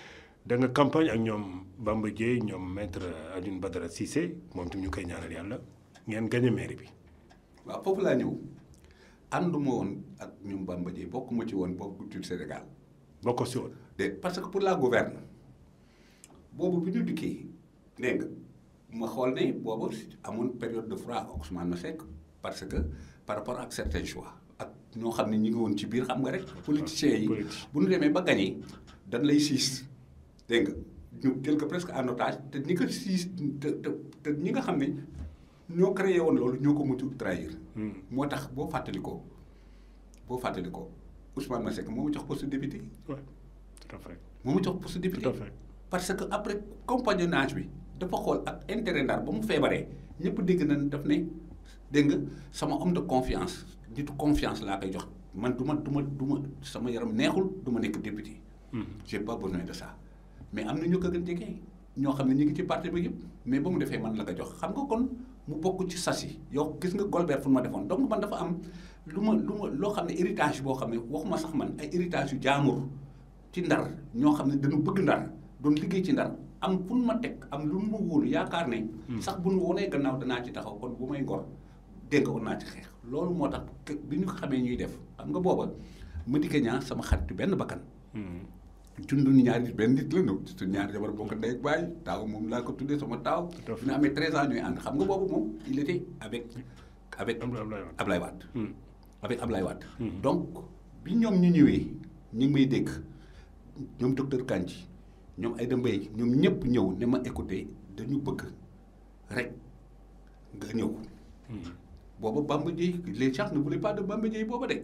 da nga campagne ak ñoom Bamba Dieye ñoom maître Alioune Badara Cissé moom tam ñu koy ñaanal yàlla ngeen gagné mairie bi. waaw foofu laa ñëw ànduma woon ak ñoom Bamba Dieye bokkuma ci woon boobu culture Sénégal. bokkoo si woon. de parce que pour la gouverne boobu bi ñu dikkee dégg nga ma xool ne boobu amoon période de froid ak Ousmane Seck parce que par rapport ak certains choix. ak ñoo xam ne ñu ngi woon ci biir xam nga rek. Ah, politiciens yi bu ñu demee ba gagné dañ lay siis. dégg nga ñu jël ko presque en otage te ñi ko siis te te ñi nga xam ne ñoo créé woon loolu ñoo ko mujj trahir. Hmm. moo tax boo fàttali ko boo fàttali ko Masseck moo moom jox poste député. waaw moo ma jox post député. tout parce que après compagnonnage bi dafa xool ak intérêt Ndar ba mu feebaree ñëpp dégg na daf ne dégg nga sama homme de confiance nitu confiance laa koy jox man du ma du du ma sama yaram neexul du ma nekk député. Hmm. j'ai pas besoin de ça. mais am na ñu ko gën jege ñoo xam ne ñu ngi ci parti bi yëpp mais ba mu defee man la ko jox xam nga kon mu bokk ci sasi yow gis nga Golbert fu ma defoon donc man dafa am lu ma lu ma loo xam ne héritage boo xam ne waxuma sax man ay héritage yu jaamur ci ndar ñoo xam ne dañu bëgg ndar doon liggéey ci ndar am fu ma teg am lu ma wóolu yaakaar ne. Hmm. sax bu nu wonee gannaaw danaa ci taxaw kon bu may ngor dégg nga naa ci xeex. loolu moo tax bi ñu xamee ñuy def xam nga booba ma dikkee ñaa sama xaritu benn bakkan. Hmm. cundun ñaar nit benn nit la nu su ñaar jabar bokk ndey ak baay taaw moom laa ko tuddee sama taaw bi ñu amee treize ans ñooy ànd xam nga boobu moom il était avec avec Ablaye Wade hmm. avec Ablaye Wade hmm. donc bi ñoom ñu ñëwee ñu ngi may dégg ñoom docteur Kandji ñoom ay Aïda Mbaye ñoom ñëpp ñëw ne ma écouté dañu bëgg rek nga ñëw hmm. booba Bamba Dièye les gens ne voulaient pas de Bamba Dièye booba de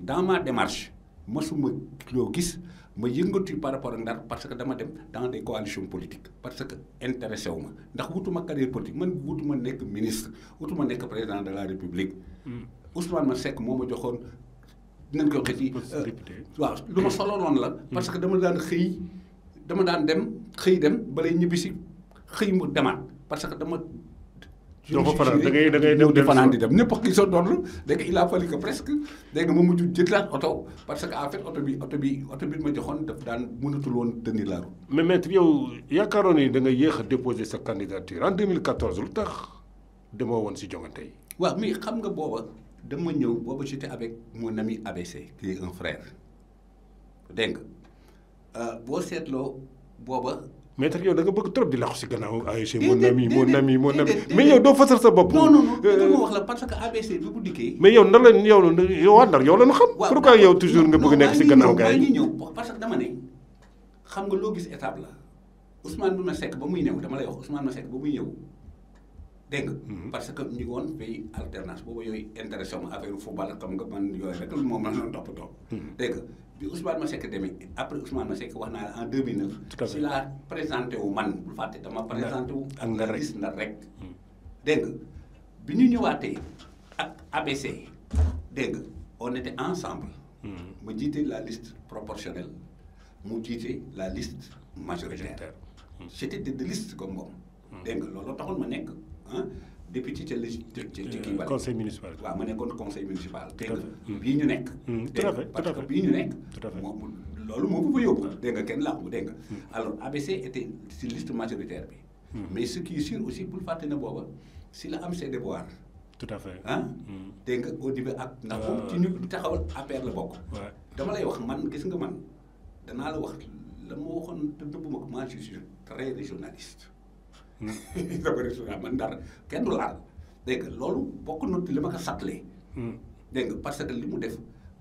dans ma démarche mësuma loo gis ma yëngatu par rapport ak Ndar parce que dama dem dans des coalitions politiques parce que intéressé wu ma ndax wutuma carrière politique man wutuma nekk ministre wutuma nekk président de la république. Hmm. Ousmane Masseck moo ma joxoon dinañ ko xëy. Euh, waaw lu ma solonoon la. Hmm. parce que dama daan xëy dama daan dem xëy dem balay ñibbisi xëy mu demaat parce que dama. doo ko faral da ngay da ngay dem di fanaan di dem ñëpp a gisoo a fallu que presque dégg nga que en oto bi oto bi oto bi ma joxoon daf daan mënatul woon tenir la route. mais maître yow yaakaaroon ni da nga yéex a déposé sa candidature en 2014 lu tax demoo woon si joŋante yi. waaw mais xam nga booba dama ñëw booba j'étais avec mon ami ABC qui est un frère dégg nga euh, boo seetloo booba. maître yow da nga bëgg trop di laqu si gannaaw ASC mon ami mon ami mon ami mais yow doo fasal sa bopp. non non non euh, wax la parce que ABC bi bu dikkee. mais yow ndar la yow yow waa ndar yow la ñu xam. pourquoi yow toujours nga bëgg nekk si gannaaw gars yi ñëw parce que dama ne xam nga loo gis étape la Ousmane Masseck ba muy ñëw dama lay wax Ousmane Masseck ba muy ñëw dégg nga mhm. parce que ñu woon fay alternance boobu yooyu intéressant affaire football xam nga man yooyu rek moom la doon toppatoo mhm. dégg nga bi Ousmane Masseck demee après Ousmane Masseck wax naa en 2009. tout à si la présenté wu man bul fàtte dama présenté wu. ak ndar rek gis rek. Hmm. dégg nga bi ñu ñëwaatee ak ABC dégg nga on était ensemble. Hmm. ma jiite la liste proportionnelle mu jiite la liste majoritaire. Hmm. j'étais de liste comme moom. dégg nga loolu taxul ma nekk ah député conseil municipal mané conseil municipal ñu tout à fait parce que ñu alors ABC était liste majoritaire hmm. mais ce qui est sûr aussi pour le na si la am de déboires tout à fait hein? hmm. euh, taxawal la dama lay wax man man te je suis très régionaliste laboratoire man dara kenn du laal dégg loolu bokk na li ma ko sàttalee. Hmm. dégg nga parce que li mu def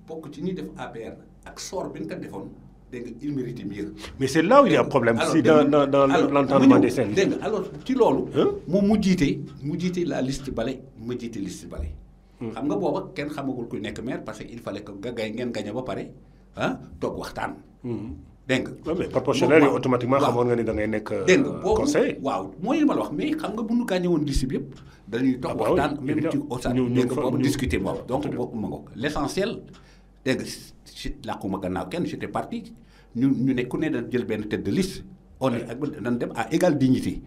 bokk ci ñuy def APR ak sor bi ñu ko defoon dégg nga il mérite mieux. mais c' est là où il a problème. alors si dans dans dans l' entendement des scènes. ci loolu. moom mu jiite mu jiite la liste bale ma jiite liste bale. Hmm. xam nga booba kenn xamagul kuy nekk maire parce que il fallait que nga ngeen gañe ba pare ah toog waxtaan. Hmm. dégg nga. mais proportionnel yi automatiquement xamoon nga ni da ngay nekk. conseil dégg nga euh, waaw mooy li ma la wax mais xam nga bu ñu gagné woon liste bi yëpp. dañuy toog ah waxtaan même ci au stade dégg nga boobu discuter boobu donc boobu ma ngoog l' essentiel dégg nga si làkkuma gannaaw kenn j' étais parti ñu ñu ne ku ne da jël benn tête de liste. on est ak dañ dem à égale dignité.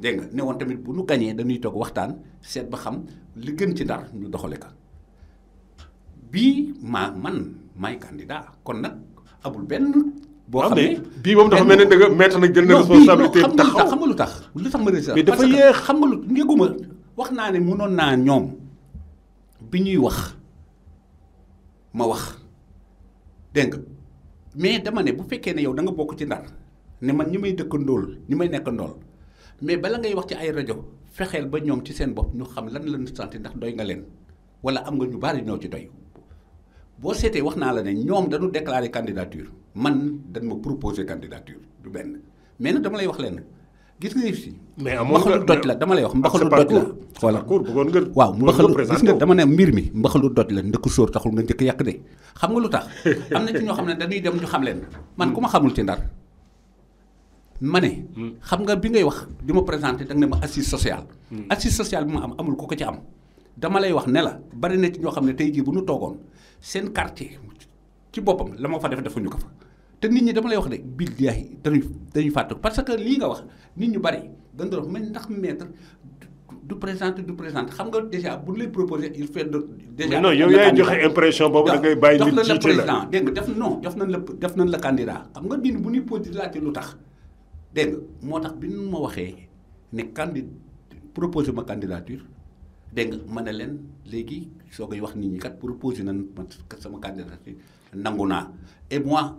dégg nga ne woon tamit bu ñu gagné dañuy toog waxtaan seet ba xam li gën ci ndar ñu doxale ka bii maa man maay candidat kon nag amul benn. boo ah, xam ne bii moom dafa mel ne da nga mettre nag jël na responsabilité taxaw xam nga lu tax lu tax ma réussir mais dafa yéex xam nga lu yëguma wax naa ne mënoon naa ñoom bi ñuy wax ma wax dégg nga mais dama ne bu fekkee ne yow danga bokk ci ndar ne man ñi may dëkkandool ñi may nekk ndool mais bala ngay wax ci ay rajo fexeel ba ñoom ci seen bopp ñu xam lan la ñu ndax doy nga leen wala am nga ñu bari ñoo ci doy boo seetee wax naa la ne ñoom dañu déclarer candidature man dañ ma proposer candidature du benn mais nag dama lay wax lenn gis nga yëf si. mais mbaxalu doj la dama lay wax mbaxalu doj la. voilà bëggoon nga waaw mbaxalu nga dama ne mbir mi mbaxalu doj la ndëkk sóor taxul nga njëkk yàq de. xam nga lu tax am na ci ñoo xam ne dañuy dem ñu xam leen man ku ma xamul ci ndar ma ne. Hmm. xam nga bi ngay wax di ma présenté da nga ne ma assise sociale. Hmm. assise sociale bi ma am amul ku ko ci am. dama lay wax nela bari na ci ñoo xam ne tey jii bu ñu toogoon seen quartier ci boppam la ma fa def defuñu ko fa. te nit ñi dama lay wax de billahi dañuy dañuy fàttu parce que lii nga wax nit ñu bari dañ doon mais ndax maître du présenter du présenter xam nga déjà bu lay proposer il fait déjà non yow yaay joxe impression bobu da ngay bàyyi nit ci la président dégg def non def nañ la def nañ la candidat xam nga nit bu ni posé la ci lutax dégg motax bi ñu ma waxé ne candidat proposer ma candidature dégg mané len légui leen wax nit ñi kat proposer nañ sama candidature nanguna et moi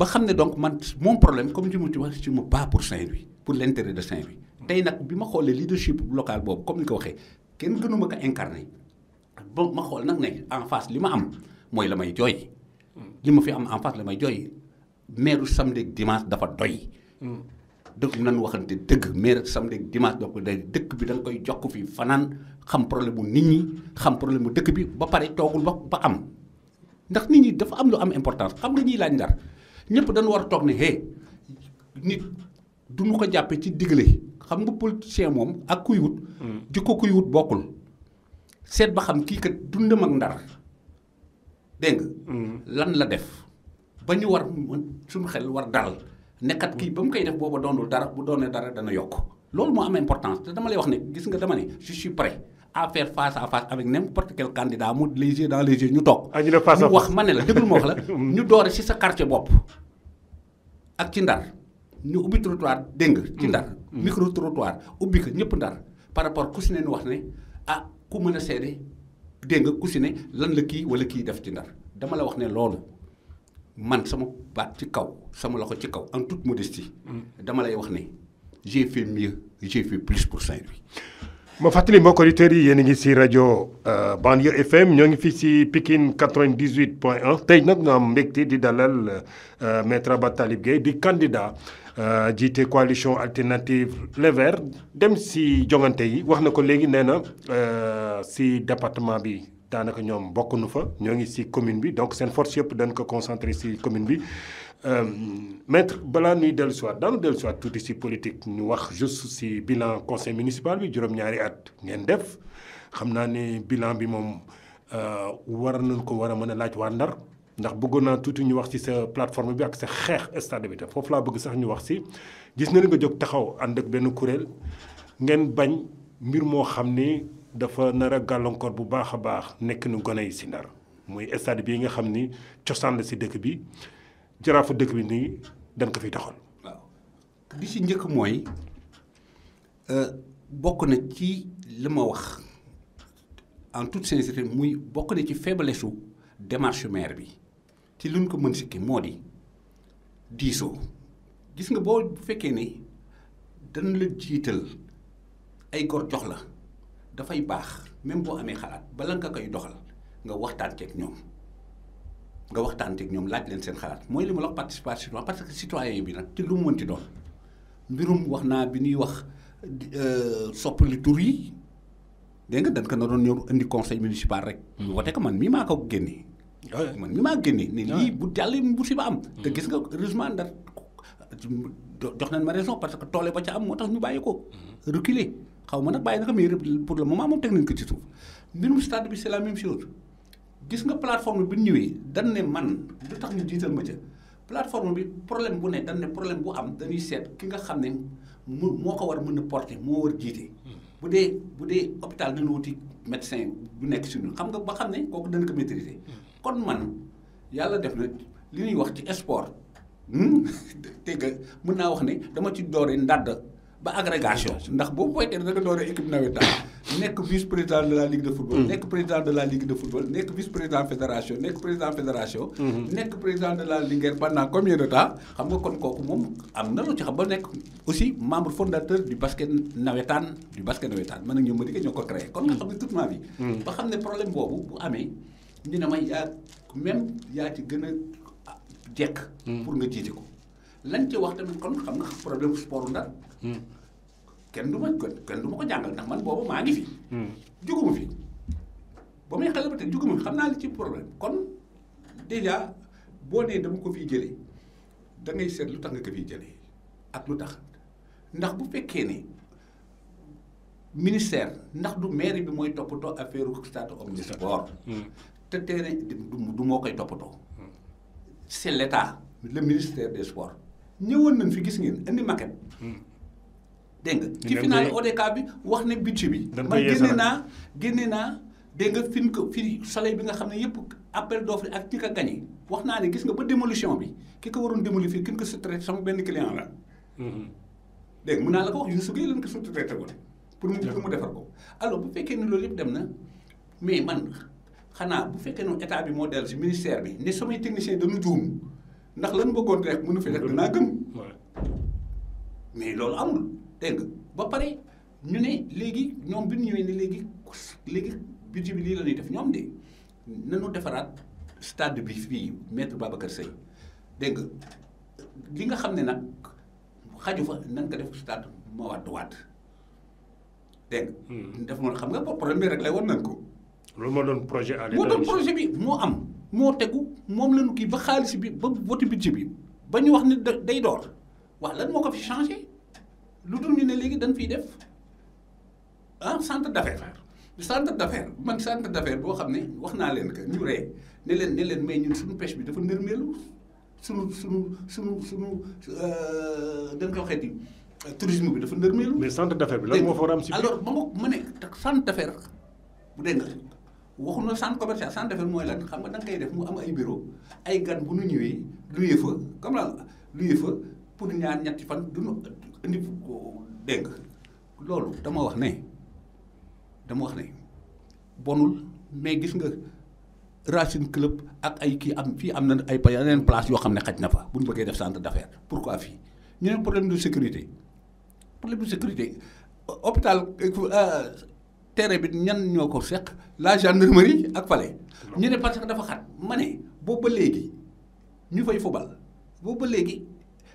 ba xam ne donc man mon problème comme tu me dis je me pour Saint-Louis pour l'intérêt de Saint-Louis tey nag bi ma xoolee leadership local boobu comme ni ko waxee kenn gënu ko incarné bon ma xool nag ne en face li ma am mooy la may jooy li ma fi am en face la may jooy maire samedi dimanche dafa doy dëgg nan waxante dëgg maire samedi dimanche donc day dëkk bi da nga koy jokk fi fanaan xam problème mu nit ñi xam problème mu dëkk bi ba pare toogul ba ba am ndax nit ñi dafa am lu am importance xam nga ñuy laaj ndar ñépp dañu war a toog ne hey nit du ñu ko jàppee ci digle xam nga politicien moom ak kuy wut. Hmm. jikko kuy wut bokkul. seet ba xam kii kat dundam ak ndar dégg nga hmm. lan la def ba ñu war suñu xel war dal nekkat kii ba mu koy def booba doonul dara bu doonee dara dana yokk loolu moo am importance te dama lay wax ne gis nga dama ne je suis prêt. à faire face à face avec n'importe quel candidat les yeux dans les yeux ñu toog. Ah, face à face wax ma la déglu ma la. [laughs] Mm. ñu ci sa quartier bopp. ak ci ndar ñu trottoir ci mm. ndar. Mm. micro trottoir par rapport ku ne wax ne ah ku mën a seede dégg ne lan la kii wala kii def ci ndar dama la wax ne loolu man sama en toute modestie. dama lay wax ne j'ai fait mieux j'ai fait plus pour Saint-Louis ma fatali mbokk auditeurs yi yéen a ngi si rajo euh, Banlieue FM ñoo ngi fi si Pikine 98.1 point 1 tey nag nga am mbégte di dalal euh, maître Abba Talib Gueye di candidat euh, jiite coalition alternative le vert dem si jongante yi wax na ko léegi nee na si département bi daanaka ñoom bokk nu fa ñoo ngi si commune bi donc seen force yëpp dañ ko concentré si commune bi. Euh, maître balaa nuy dellu si waat daanu dellu si tuuti si politique ñu wax juste si bilan conseil municipal bi juróom-ñaari at ngeen def xam naa ni bilan bi moom euh, war nañ ko war a mën a laaj waa Ndar ndax bëggoon naa tuuti ñu wax ci sa plateforme bi ak sa xeex stade bi te foofu laa bëgg sax ñu wax si gis nañu nga jóg taxaw ànd ak benn kuréel ngeen bañ mbir moo xam ni dafa nar gàllankoor bu baax a baax nekk nu gone yi si Ndar muy stade bii nga xam ni cosaan si dëkk bi. jaraafu dëkk bi nii dañ ko fi taxal. waaw bi si njëkk mooy euh, bokk na ci li ma wax en toute sincérité muy bokk na ci faiblesse su démarche bi ci luñ ko mën sikki moo di diisoo gis nga boo fekkee ni dana la jiital ay gor jox la dafay baax même boo amee xalaat bala nga koy doxal nga waxtaan ceeg ñoom. nga waxtaan ak ñoom laaj leen seen xalaat mooy li ma la wax participation wax parce que citoyen bi nag ci lu mu mënti dox mbirum wax naa bi ñuy wax euh, soppali tur yi dégg nga dañ ko na doon ñëw indi conseil municipal rek. Hmm. ñu wote ko man mii maa ko génne. man mii maa génne ne lii bu jàllee ba am. te hmm. gis nga heureusement ndar jox nañ ma raison parce que toole ba ca am moo tax ñu bàyyi ko. Hmm. reculer xaw ma nag bàyyi na ko mais pour le moment moom teg nañ ko ci suuf mbirum stade bi c'est la même chose. gis nga plateforme bi ñëwee dañ ne man lu tax ñu jiital ma ca plateforme bi problème bu ne dañ ne problème bu am dañuy seet ki nga xam ne mu moo ko war mën a porter moo war jiite. bu dee bu dee hôpital dañu wuti médecin bu nekk si ñun xam nga ba xam ne kooku dana ko maîtriser. kon man yàlla def na li ñuy wax ci sport. Hmm? [laughs] dégg mun naa wax ne dama ci doori ndàdd. ba agrégation ndax boo boytee da nga doon équipe nawetaan nekk vice président de la ligue de football. Hmm. nekk président de la ligue de football nekk vice président fédération nekk président fédération. Hmm. nekk président de la Linguère pendant combien de temps xam nga kon kooku moom am na lu ci xam ba nekk aussi membre fondateur du basket nawetaan du basket nawetaan man ak ñoom ma di ñoo ko créé. kon nga hmm. xam ne toute ma vie. ba xam ne problème boobu bu amee ñu ne ma yaa même yaa ci gën a ah, jekk. pour nga jiite ko lañ ci wax tamit kon xam nga problème sport ndar. Hmm. kenn du ma kenn du ma ko jàngal ndax man boobu maa ngi fi. Hmm. juguma fi ba may xale ba tey juguma fi xam naa li ci problème kon dèjà boo nee dama ko fiy jëlee da ngay seet lu nga ko fiy jëlee ak lu ndax bu fekkee ne ministère ndax du mairie bi mooy toppatoo affaire stade omnisport. Hmm. te terrain du du moo koy toppatoo. c' est l' état le ministère des sports ñëwoon nañ fi gis ngeen indi maquette. dégg nga ci final ODK bi wax ne budget bi. man génne naa génne naa dégg nga fi mu ko fi soleil bi nga xam ne yëpp appel d'offre ak ki ko gagné wax naa ne gis nga ba démolition bi ki ko waroon démolir fii ki ko sous-traité sama benn client la. Mm-hmm. dégg nga naa la ko wax yu su gee leen ko sous-traité ko pour mu defar ko alors bu fekkee ne loolu yépp dem na mais man xanaa bu fekkee ne état bi moo dellu ministère bi ne samay technicien dañu juum ndax lan bëggoon rek mënu fi naa dinaa gëm mais loolu amul. dégg ba pare ñu ne léegi ñoom bi ñu ñëwee ne léegi léegi budget bi lii la ñuy def ñoom de nañu defaraat stade bi fii maître Babacar Seye dégg nga li nga xam ne nag xaju fa nan ko def stade ma waat waat dégg nga. Hmm. def moom xam nga problème bi rek lay woon nañ ko. loolu moo doon projet à moo doon projet bi moo am moo tegu moom lañu kii ba xaalis bi ba vote budget bi ba ñu wax ne day door waaw lan moo ko fi changé. lu dul ñu ne léegi dañ fiy def ah centre d'affaires centre man centre d'affaires boo xam ne wax naa leen que ñu ree ne leen ne leen may ñu suñu peche bi dafa ndërmeelu suñu suñu suñu suñu euh, dañ ko waxee tourisme bi dafa ndërmeelu. mais centre d'affaires bi lan moo fa a si alors ba ma ma ne centre d'affaires bu dégg nga waxu na centre commercial centre mooy lan xam nga da koy def mu am ay bureau ay gan bu nu ñëwee luyee fa comme la luyee fa pour ñaar ñetti fan du indi dégg loolu dama wax ne dama wax ne bonul mais gis nga Racine Club ak ay kii am fii am na ay yeneen place yoo xam ne xaj na fa bu ñu bëggee def centre pour pourquoi fii ñu ne problème de sécurité problème de sécurité hôpital euh, terrain bi ñan ñoo ko seq la gendarmerie ak fale ñu ne parce que dafa xat ma ne boobu ba léegi ñu fay fubal boobu ba léegi.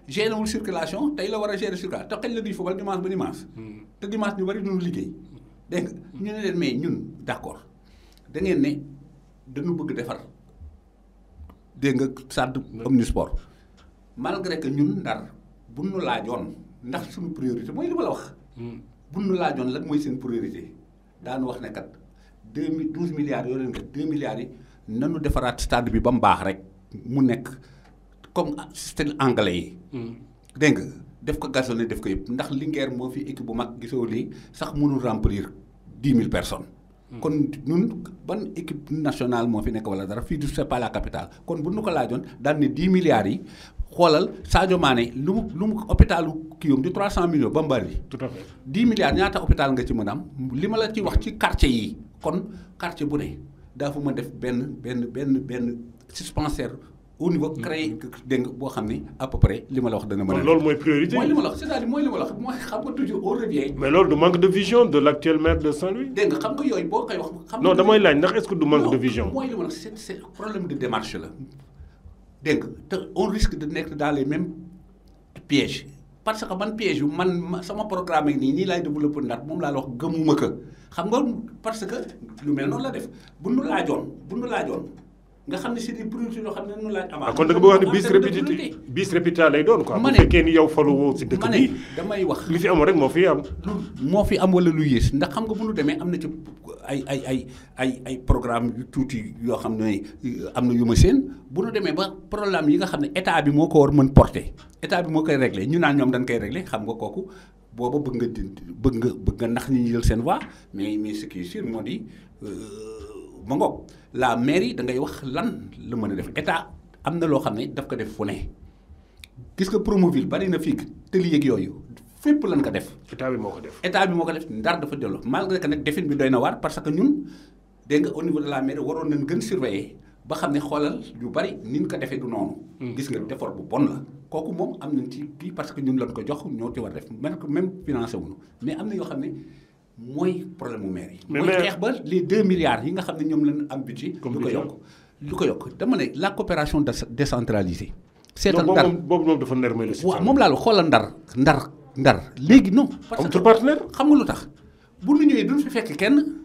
gérer wul circulation tey la war a gérer circulation te xëy na duñu football dimanche ba dimanche. Mm. te dimanche ñu bari dégg nga ñu mais ñun d' accord da ngeen ne dañu bëgg defar dégg nga stade omnisport. malgré que ñun ndar buñ nu laajoon ndax suñu priorité mooy li ma la wax. Mm. buñ nu laajoon lan mooy seen priorité daanu wax ne kat deux mille douze milliards yoo leen kat deux milliards yi nanu defaraat stade bi ba mu baax rek mu nekk. comme système anglais yi. Hmm. dégg nga def ko Garçonnet def ko yëpp ndax Linguère moo fi équipe bu mag gisoo lii sax mënul remplir dix mille personnes. Hmm. kon ñun ban équipe nationale moo fi nekk wala dara fii du c'est pas la capitale kon bu nu ko laajoon daan ne dix milliards yi xoolal Sadio Mané lu mu lu mu hôpitalu kii yom di trois cent millions ba mbari tout à fait dix milliards ñaata hôpital nga ci mën am li ma la ci wax ci quartier yi kon quartier bu ne daa fu ma def benn benn benn benn dispensaire au niveau mm-hmm. créé dégg nga boo xam ni à peu près li ma la wax dana mën a. kon loolu mooy priorité mooy li ma la wax c'est-à-dire mooy li ma la wax mooy xam nga toujours au revient. mais loolu du manque de vision de l'actuel maire de Saint-Louis. dégg nga xam nga yooyu boo koy wax. xam nga non damay laaj ndax est-ce que du manque de vision. mooy li ma la wax c'est c'est problème de démarche la dégg nga te on risque de nekk dans les mêmes pièges parce que man piège yu man sama programme yi nii nii laay développé ndax moom laa la wax gëmuma ko xam nga parce que lu mel noonu la def bu nu laajoon bu nu laajoon. nga xam ne c'est des priorités yoo ne dañu laaj amaat. Ah, kon da nga lay doon quoi. ma ne bu fekkee ni yow falu woo si dëkk li fi amoon rek moo fi am. moo fi am wala lu yées ndax xam nga bu nu demee am na ci ay ay ay ay ay programme yu tuuti yoo xam ne euh, am na yu ma seen bu demee ba problème yi nga xam ne état bi moo ko war mën porter état bi moo koy réglé ñu naan ñoom danga koy réglé xam nga kooku. booba bëgg nga di bëgg nga bëgg nga nax ni ñu jël seen waa mais mais ce qui est moo di. Euh, ma ngoog la mairie da ngay wax lan la mën a def état am na loo xam ne daf ko def fu ne gis nga Promoville bari na fii tëli yeeg yooyu fépp lan ko def. état bi moo ko def état bi moo ko def ndar dafa delloo malgré que nag defin bi doy na waar parce que ñun dégg nga au niveau de la mairie waroon nañ gën surveiller ba xam ne xoolal yu bari ni ñu ko defee du noonu. Hmm. gis nga effort bu bon la. kooku moom am nañ ci kii parce que ñun lañ ko jox ñoo ci war def même financé wuñu mais am na yoo xam ne mooy problème mu maire yi. mais mooy xeex ba les 2 milliards yi nga xam ne ñoom lañu am budget. lu ko yokk lu ko yokk dama ne la coopération décentralisée. c'est un dar boobu moom dafa ndar mooy la. waaw moom laa la xoolal ndar ndar ndar léegi non. parce que xam nga lu tax bu ñu ñëwee duñu fi fekk kenn.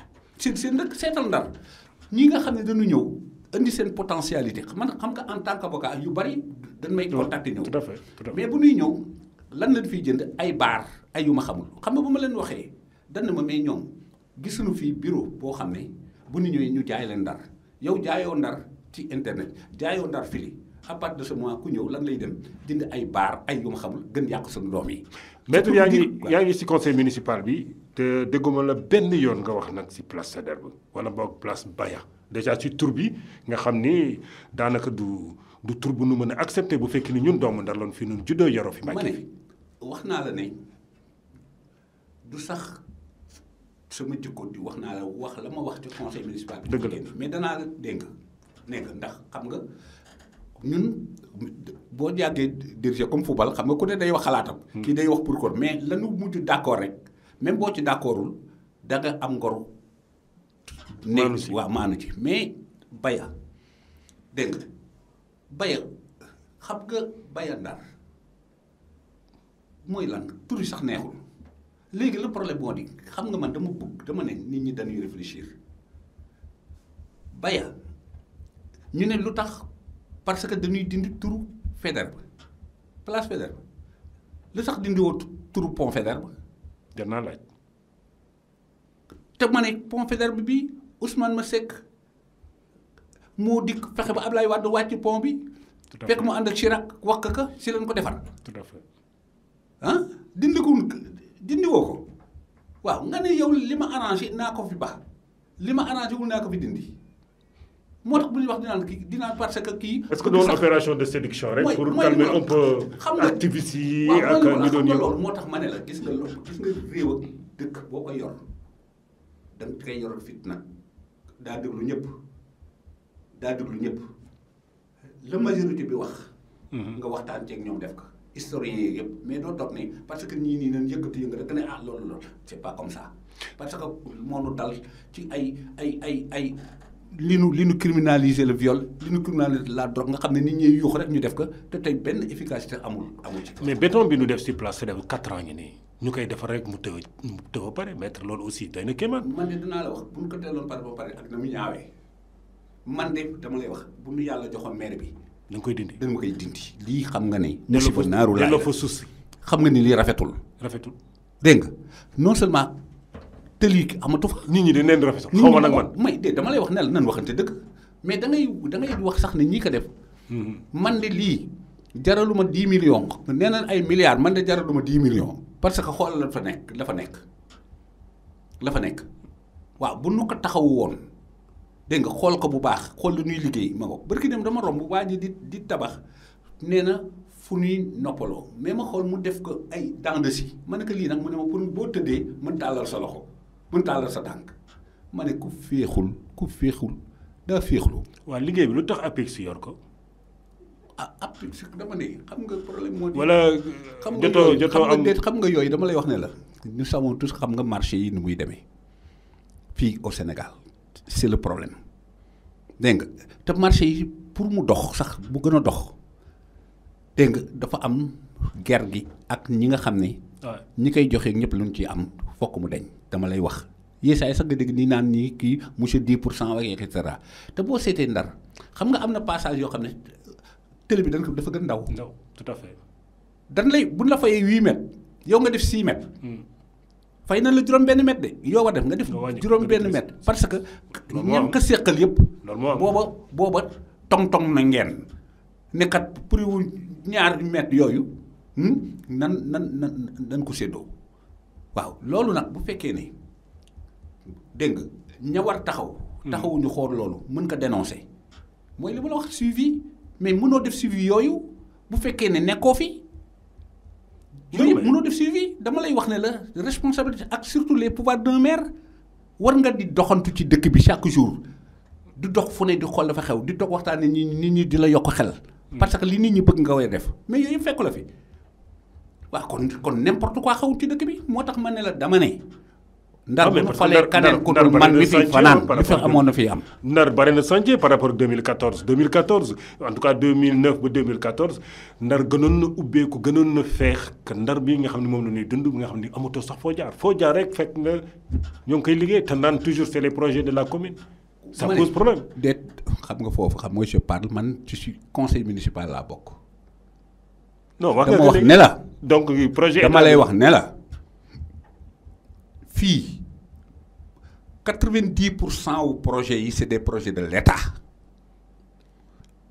seen seen dëkk seetal ndar ñi nga xam ne dañu ñëw indi seen potentialité man xam nga en tant qu'avocat yu bari dan may contacter ñëw mais bu ñuy ñëw lan la fiy jënd ay baar ay yu ma xamul xam nga bu ma leen waxee dana ma may ñoom gisuñu fii bureau boo xam ne bu nu ñëwee ñu jaay leen ndar yow jaayoo ndar ci internet jaayoo ndar fili à partir de ce ku ñëw lan lay dem jënd ay baar ay yu ma xamul gën yàq suñu doom yi. maître yaa ngi yaa ngi ci conseil municipal te la benn nga wax place wala place Baya déjà ci tur nga xam ni du du tur nu a accepté bu fekk ni ñun Ndar fi. wax la ne du sax sama jikko di wax naa la wax la ma wax conseil municipal mais danaa la dégg ndax xam nga ñun comme football xam nga ku ne day wax hmm. day wax pour d'accord même boo ci d'accordul da nga am ngoru. maanu si waaw maanu ci mais baya dégg baya xam nga baya ndar mooy lan tur sax neexul léegi le problème moo di xam nga man dama bëgg dama ne nit ñi dañuy réfléchir baya ñu ne lu tax parce que dañuy dind turu Faidherbe place Faidherbe lu sax dindi woo turu pont Faidherbe jar naa laaj. te ma ne pont bi bi ma Masseck moo dikk fexe ba Ablaye Wade wàcc pont bi. fekk mu ànd ak Chirac wax ka ka si lañ ko defan tout à fait ah dindi ko dindi woo ko waaw nga ne yow li ma arrangé naa ko fi baax li ma arrangé wul naa ko fi dindi. motax tax bu ñuy wax dinaan ki dinaan parce que ki est ce que doon opération de séduction rek pour calmer un peu activiste yi ak ñu doon yi loolu moo tax la gis nga loolu gis nga réew ak dëkk boko yor da nga yor fitna da daa déglu ñëpp daa déglu ñëpp la majorité bi wax. Mhm. nga waxtaan ceeg ñom def ko. historien yëpp mais do top ni parce que ñi ni nañ yëkëti yëngu rek né ah loolu loolu c'est pas comme ça parce que moo dal ci ay ay ay ay. li nu li nu criminaliser le viol li nu criminaliser la drogue nga xam ne nit ñi yuux rek ñu def ko te efficacité amul amul ci. mais béton bi nu def si place def 4 ans ngi ñu koy defar rek mu tëw mu tëw aussi day na man de dinaa la wax bu ñu ko teeloon pare ba pare ak na man de dama lay wax bu bi. da nga koy dindi da nga koy dindi. xam nga ne. naaru la fa suuf xam nga ni lii non seulement. telik lii amatu fa nit ñi dañ leen rafetal xaw ma man may de dama lay wax ne nan waxante dëgg mais da ngay da ngay wax sax ne ñi ko def mm-hmm. man de li jaraluma 10 millions nee ay milliards man de jaraluma 10 millions parce que xoolal la fa nekk la fa la fa nekk waaw bu nu ko taxaw woon dégg nga xool ko bu baax ma go barki dem dama romb waji di di tabax funi na fu ñuy noppaloo mais ma xool mu def ko ay dents de si ma ko li nak mu ne ma pour bo mën dalal sa loxo buñ tàllal sa tànk mané ku fexul ku fexul daa fexlu wa liggéey bi lu tax apex yor ko. Ah, apex dama ne xam nga problème moo. wala jotoo jotoo am xam nga xam nga yoy dama lay wax ne la. ñu savons tous xam nga marché yi ni muy démé fi au Sénégal c'est le problème deng ta marché yi pour mu dox sax bu gëna dox deng dafa am guerre gi ak ñi nga xam ñi kay joxe ñep luñ ci am fokk mu deñ dama lay wax yeesaay sax nga ni naan ni kii monsieur 10 pour cent et cetera te boo seetee ndar xam nga am na passage yoo xam ne télé bi dañ ko dafa gën ndaw. ndaw tout à fait. dan lay buñ la fayee 8 mètres yow nga def 6 mètres. Hmm. fay na la juróom benn mètre de yow a def nga def juróom benn mètre parce que ñam ka seqal yépp booba booba tong tong na ngeen ne kat pour ñaar mètre yooyu hmm, nan nan nan nan ko séddoo waaw loolu nag bu fekkee ne dégg nga ña war taxaw. Hmm. taxawu ñu xool loolu mën ko dénoncé mooy li ma la wax suivi mais mënoo def suivi yooyu bu fekkee ne nekkoo fi. yooyu mënoo def suivi dama lay wax ne la responsabilité ak surtout les pouvoirs d'un maire war nga di doxantu ci dëkk bi chaque jour. du dox fu ne di xool dafa xew di dox waxtaan nit ñi ñi di la yokk xel. Hmm. parce que li nit ñi bëgg nga koy def mais yooyu fekku la fi n'importe quoi bi moo ne la dama ne. ndar na par rapport 2014 2014 en tout cas 2009 ba 2014 ndar gënoon na ubbeeku gënoon na que ndar nga ne nga toujours les projets de la commune. ça pose problème je parle man suis conseil municipal laa non wax dama wax ne la. donc projet dama lay wax ne la fii quatre-vingt-dix pour cent wu projet yi c'est des projet de l'État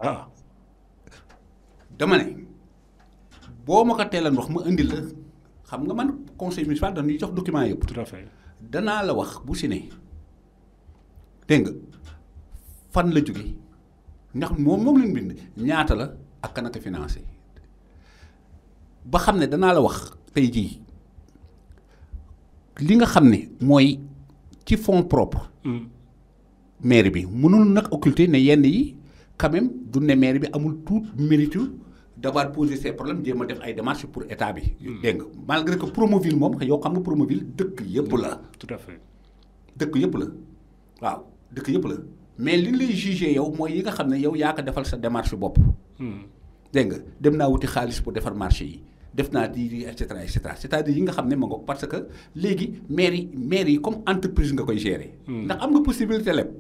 ah dama ne boo ma ko teelan wax ma indi la xam nga man conseil municipal dañuy jox document yëpp. danaa la wax bu si ne dégg nga fan la jóge ndax moom moom lañ bind ñaata la ak kan financé. ba xam ne danaa la wax tey jii li nga xam ne mooy ci fonds propre mm. maire bi mënul nag occulter ne yenn yi quand même du ne maire bi amul tout mérite d'avoir posé ces problèmes jéem a def ay démarches pour état bi. Mm. dégg nga malgré que Promoville moom yow xam nga Promoville dëkk yëpp la. Mm. tout à dëkk yëpp la waaw dëkk yëpp la mais li lay jugé yow mooy yi nga xam ne yow yaa ko defal sa démarche bopp. dégg nga dem naa wuti xaalis pour defar marché yi def naa di et cetera et cetera c'est-à-dire yi nga xam ne ma ngoog parce que léegi maire yi yi comme entreprise nga koy gérer. Hmm. ndax am nga possibilité lépp.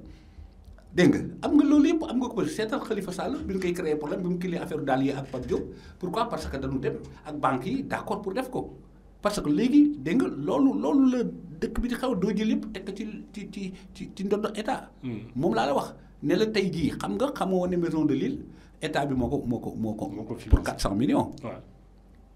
dégg nga am nga loolu yëpp am nga ko seetal Khalifa Sall bi ñu koy créé problème bi mu kilee affaire daal yi ak Pape Diop pourquoi parce que dañu dem ak banques yi d'accord pour def ko parce que léegi dégg nga loolu loolu la dëkk bi di xew doo jël yëpp teg ci ci ci ci ci ndodd état. Hmm. moom laa la wax ne la tey jii xam nga xamoo ne maison de l'île état bi moo ko moo moo ko. moo ko pour 400 millions. waaw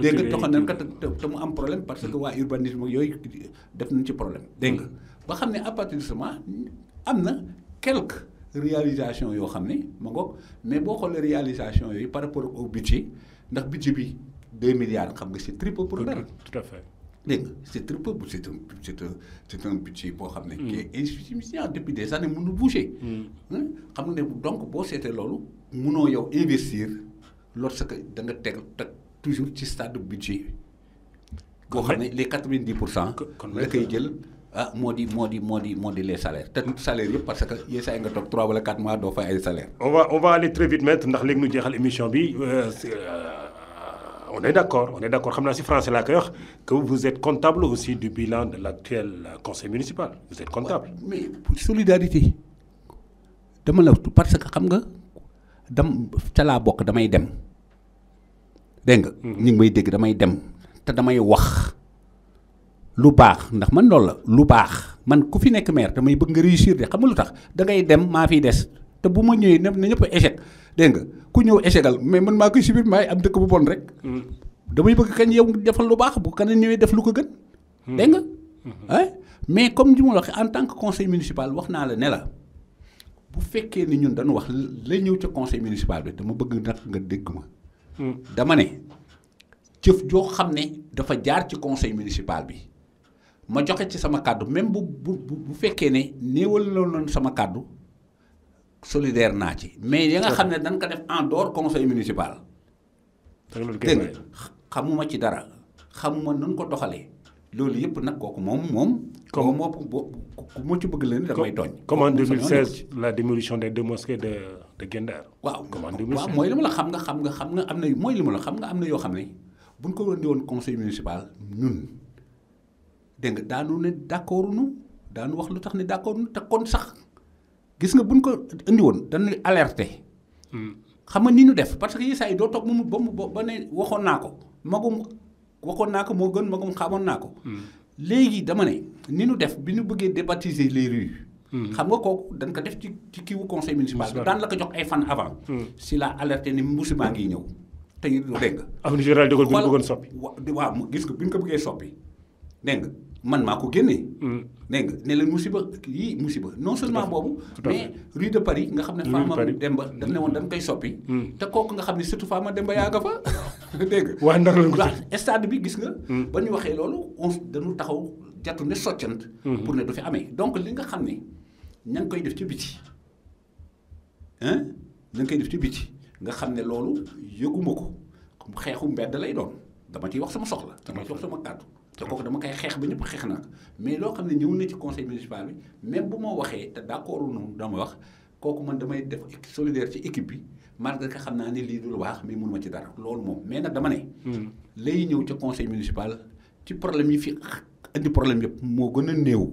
dégg nga doxal nañ ko te mu am problème parce que waa urbanisme yooyu def nañ ci problème dégg nga ba xam ne à partir de am na quelque réalisation yoo xam ne moo ngoog mais boo xoolee réalisation yooyu par rapport au budget ndax budget bi 2 milliards xam nga c'est triple pour dara tout à fait dégg nga c'est triple c'est un c'est un c'est un budget boo xam ne mm. qui est insuffisant depuis des mm. xam ne donc boo seetee loolu mënoo yow investir lorsque da nga teg teg toujours ci stade budget les 90% ah, les salaires hmm. parce que mois salaire on va on va aller très vite maître euh, euh, on est d'accord on est d'accord que vous êtes comptable aussi du bilan de l'actuel conseil municipal vous êtes comptable. mais solidarité parce que comme nga je suis dégg nga. Mm-hmm. ñu may dégg damay dem te damay wax lu baax ndax man loolu la lu baax man ku fi nekk maire damay bëgg nga réussir de xam lu tax dangay dem maa fiy des te bu ma ñëwee na ñëpp échec dégg nga ku ñëw échecal mais man maa koy subir maay am dëkk bu bon rek. Mm-hmm. damay bëgg kañ yow defal lu baax bu keneen ñëwee def lu ko gën. Mm-hmm. dégg nga. mais comme li ma la waxee en tant que conseil municipal wax naa la ne la bu fekkee ni ñun dañu wax la ñëw ca conseil municipal bi dama bëgg nag nga dégg ma. dama ne jëf joo xam ne dafa jaar ci conseil municipal bi ma joxe ci sama kàddu même bu bu bu fekkee ne néewal la noonu sama kàddu solidaire naa ci mais ya nga xam ne dañ ko def en dehors conseil municipal. dégg xamuma ci dara xamuma nan ko doxalee loolu yëpp nag kooku moom moom. comme moo ku ma ci bëgg leen damay tooñ. comme en la démolition des deux mosquées de. de Guet-Ndar waaw waaw mooy li ma la xam nga xam nga xam nga am na mooy li ma la xam nga am na yoo xam ne buñ ko won di woon conseil municipal ñun dégg nga daanu ne d'accord nu daanu wax lu tax ne d'accord nu te kon sax gis nga buñ ko indi woon dañuy alerte hmm. xam nga ni ñu def parce que yi saa yi doo toog mu ba mu ba ne waxoon naa ko magum waxoon naa ko moo gën magum xamoon naa ko hmm. léegi dama ne ni nu def bi nu bëggee débaptiser les rues Hmm. xam nga kooku dañ ko def ci ci kiiwu conseil municipal bi daan la ko jox ay fan avant hmm. si la alerté ni mbusimaa ngi ñëw te it dégg am avenue général de Gaulle bu ñu bëggoon soppi wa gis ko bi ñu ko bëggee soppi dégg nga man maa ko génnee. Hmm. dégg nga ne leen musiba yii musiba non seulement boobu. mais rue de Paris nga xam ne Fama Demba daf ne woon dañ koy soppi. te kooku nga xam ne surtout Fama Demba yaa nga fa. [laughs] dégg nga waaye ndax lañ ko stade bi gis nga. ba ñu waxee loolu on dañu taxaw jattu ne soccant. pour ne du fi amee donc li nga xam ne. ña ngi koy def ci biti ah ña ngi koy def ci biti nga xam ne loolu yëguma ko xeexu mbedd lay doon dama ciy wax sama soxla dama ciy wax sama kàddu te kooku dama koy xeex ba ñëpp xeex na ko mais loo xam ne ñëw na ci conseil municipal bi même bu ma waxee te d'accord noonu dama wax kooku man damay def solidaire ci équipe bi malgré que xam naa ne lii du lu baax mais mënuma ci dara loolu moom mais nag dama ne hmm. lay ñëw ca conseil municipal ci problème yi fi indi problème yëpp moo gën a néew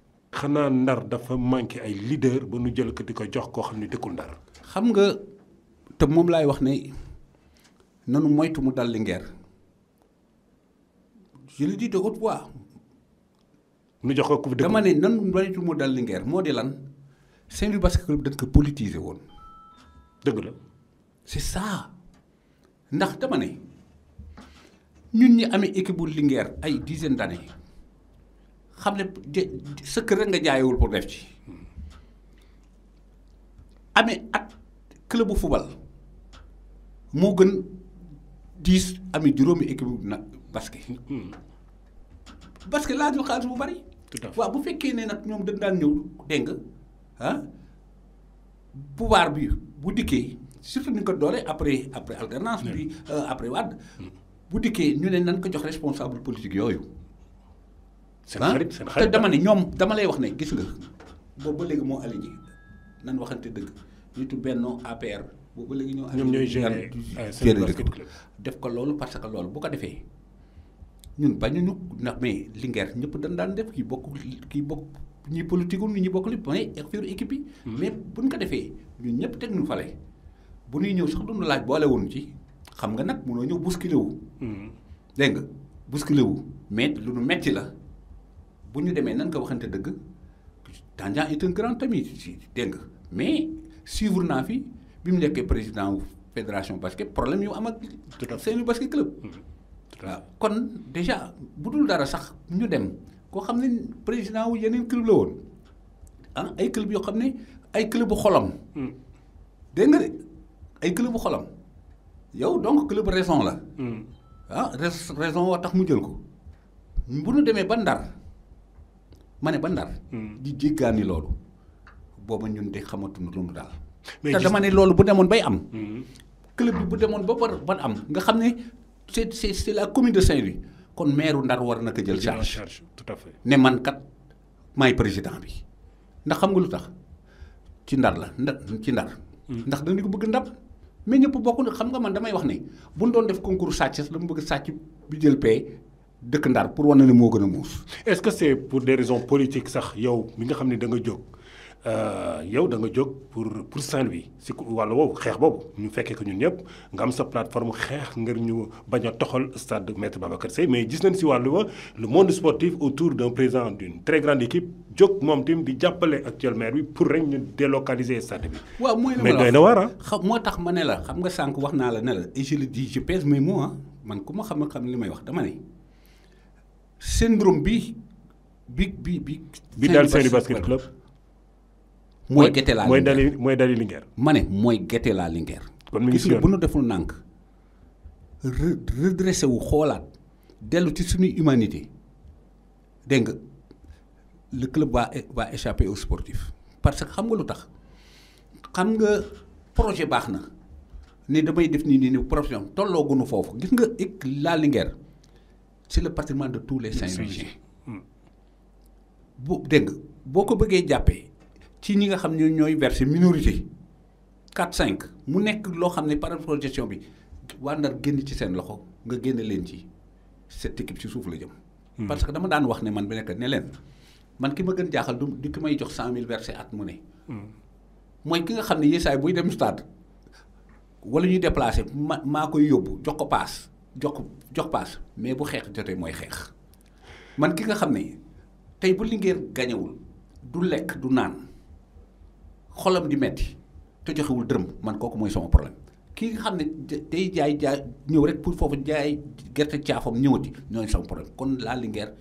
xanaa ndar dafa manqué ay leader ba nu jël ko di ko jox koo xam ne dëkkul ndar. xam nga te moom laay wax ne nanu moytu mu dal Linguère je le dis de haute voix. nu jox ko ku dëkkul dama ne nanu moytu mu dal Linguère moo di lan Saint-Louis Basket Club dañ ko politiser woon. dëgg la. c'est ça ndax dama ne ñun ñi amee équipe bu Linguère ay dizaine d'années. xam ne sa kër rek nga jaayewul pour def ci amee at club bu fubal moo gën dix amee juróomi équipe nag basket basket laajul xaalis bu bari waaw bu fekkee nee nag ñoom dañ daan ñëw dégg nga ah pouvoir bi bu dikkee surtout ni ko doole après après alternance bi euh, après Wade bu dikkee ñu ne nan ko jox responsable politique yooyu seen xarit seen xarit te dama ne ñoom dama lay wax ne gis nga boobu ba léegi moo ali ji nan waxante dëgg nitu Benno APR boobu ba léegi ñoo. ñoom ñooy gérer eh, seen def ko loolu parce que loolu bu ko defee ñun bañuñu ndax mais Linguère ñëpp dañ daan def kii bokk kii bokk ñi politique ñi bokk li mais affaire équipe bi. Hmm. mais buñ ko defee ñun ñëpp teg ñu fale bu ñuy ñëw sax duñu laaj boole woon ci xam nga nag mënoo ñëw bousculé wu. Hmm. dégg nga wu mais lu nu metti la. bu ñu demee nan ko waxante dëgg Tandian est un grand ami si dégg nga mais suivre naa fi bi mu nekkee président fédération basket problème yu am ak seeni basket club waaw kon déjà bu dul dara sax ñu dem koo xam ne président wu yeneen club la woon ah ay club yoo xam ne ay club bu xolam hmm. nga ay club bu xolam yow donc club raison la hmm. ah raison wa tax mu jël ko bu ñu demee ba Ndar mané ne ba ndar. Hmm. di jéggaani lolu booba ñun de ñu lu mu daal. te dama né lolu bu demoon bay am. Hmm. club bi bu demoon ba war ban am nga xamné c'est c'est c'est la commune de Saint-Louis kon maire ndar war na ko jël charge tout à fait né man kat may président bi ndax xam nga lu tax ci ndar la ci ndar. Hmm. ndax dañu ko bëgg ndam mais ñëpp bokku xam nga man damay wax né buñ doon def concours la mu bëgg sàcc bi jël paie dëkk Ndar pour wane ne moo gën a est-ce que c'est pour des raisons politiques sax yow mi nga xam ne da nga jóg euh, yow da nga jóg pour pour Saint-Louis c'est wàllu woowu xeex boobu ñu fekkee ko ñun ñëpp nga am sa plateforme xeex ngir ñu bañ a toxal stade maître Babacar Sey, mais gis nañ si wàllu wa le monde sportif autour d'un président d'une très grande équipe jog moom tim di jàppale actuel maire bi pour rek ñu délocaliser stade bi. mais doy na waar ah. xam mané tax ma ne la xam nga sànq wax naa la ne la et je le dis je pèse mes mots ah man ku ma xam xam li may wax dama ne. syndrome bi bi bi bi. bi dal Saint-Louis basket club. mooy gerte laa mooy dali mooy ma ne mooy gerte laa Linguère. kon mi ngi bu nu deful nànk redressé wu xoolaat dellu ci suñuy humanité dégg nga le club va va échapper aux parce que xam nga lu tax xam nga projet baax na ne damay def nii nii nii profession tolloo gunu foofu gis nga ik laa Linguère. ci le patrimoine de tous les Saint-Louisiens hmm. bu dégg boo ko bëggee jàppee ci ñi nga xam ne ñooy verse minorité quatre 5 mu nekk loo xam ne par rapport bi waa Ndar génn ci seen loxo nga génn leen ci cette équipe ci suuf la jëm. Hmm. parce que dama daan wax ne man bu nekk ne leen man ki ma gën jaaxal du di ki may jox cent mille versé at mu ne. Hmm. mooy ki nga xam ne yéesaay buy dem stade wala ñu déplacé ma maa koy yóbbu jox ko paas. jox jox pass mais bu xex jotee moy xex man ki nga xamné tay tey bu Linguère gañewul du lek du nan xolam di metti te joxewul dërëm man koku moy sama problème ki nga xamné tay jaay jaay ñew rek pour fofu jaay gerte tiafam ñëwati ñoy sama problème kon la Linguère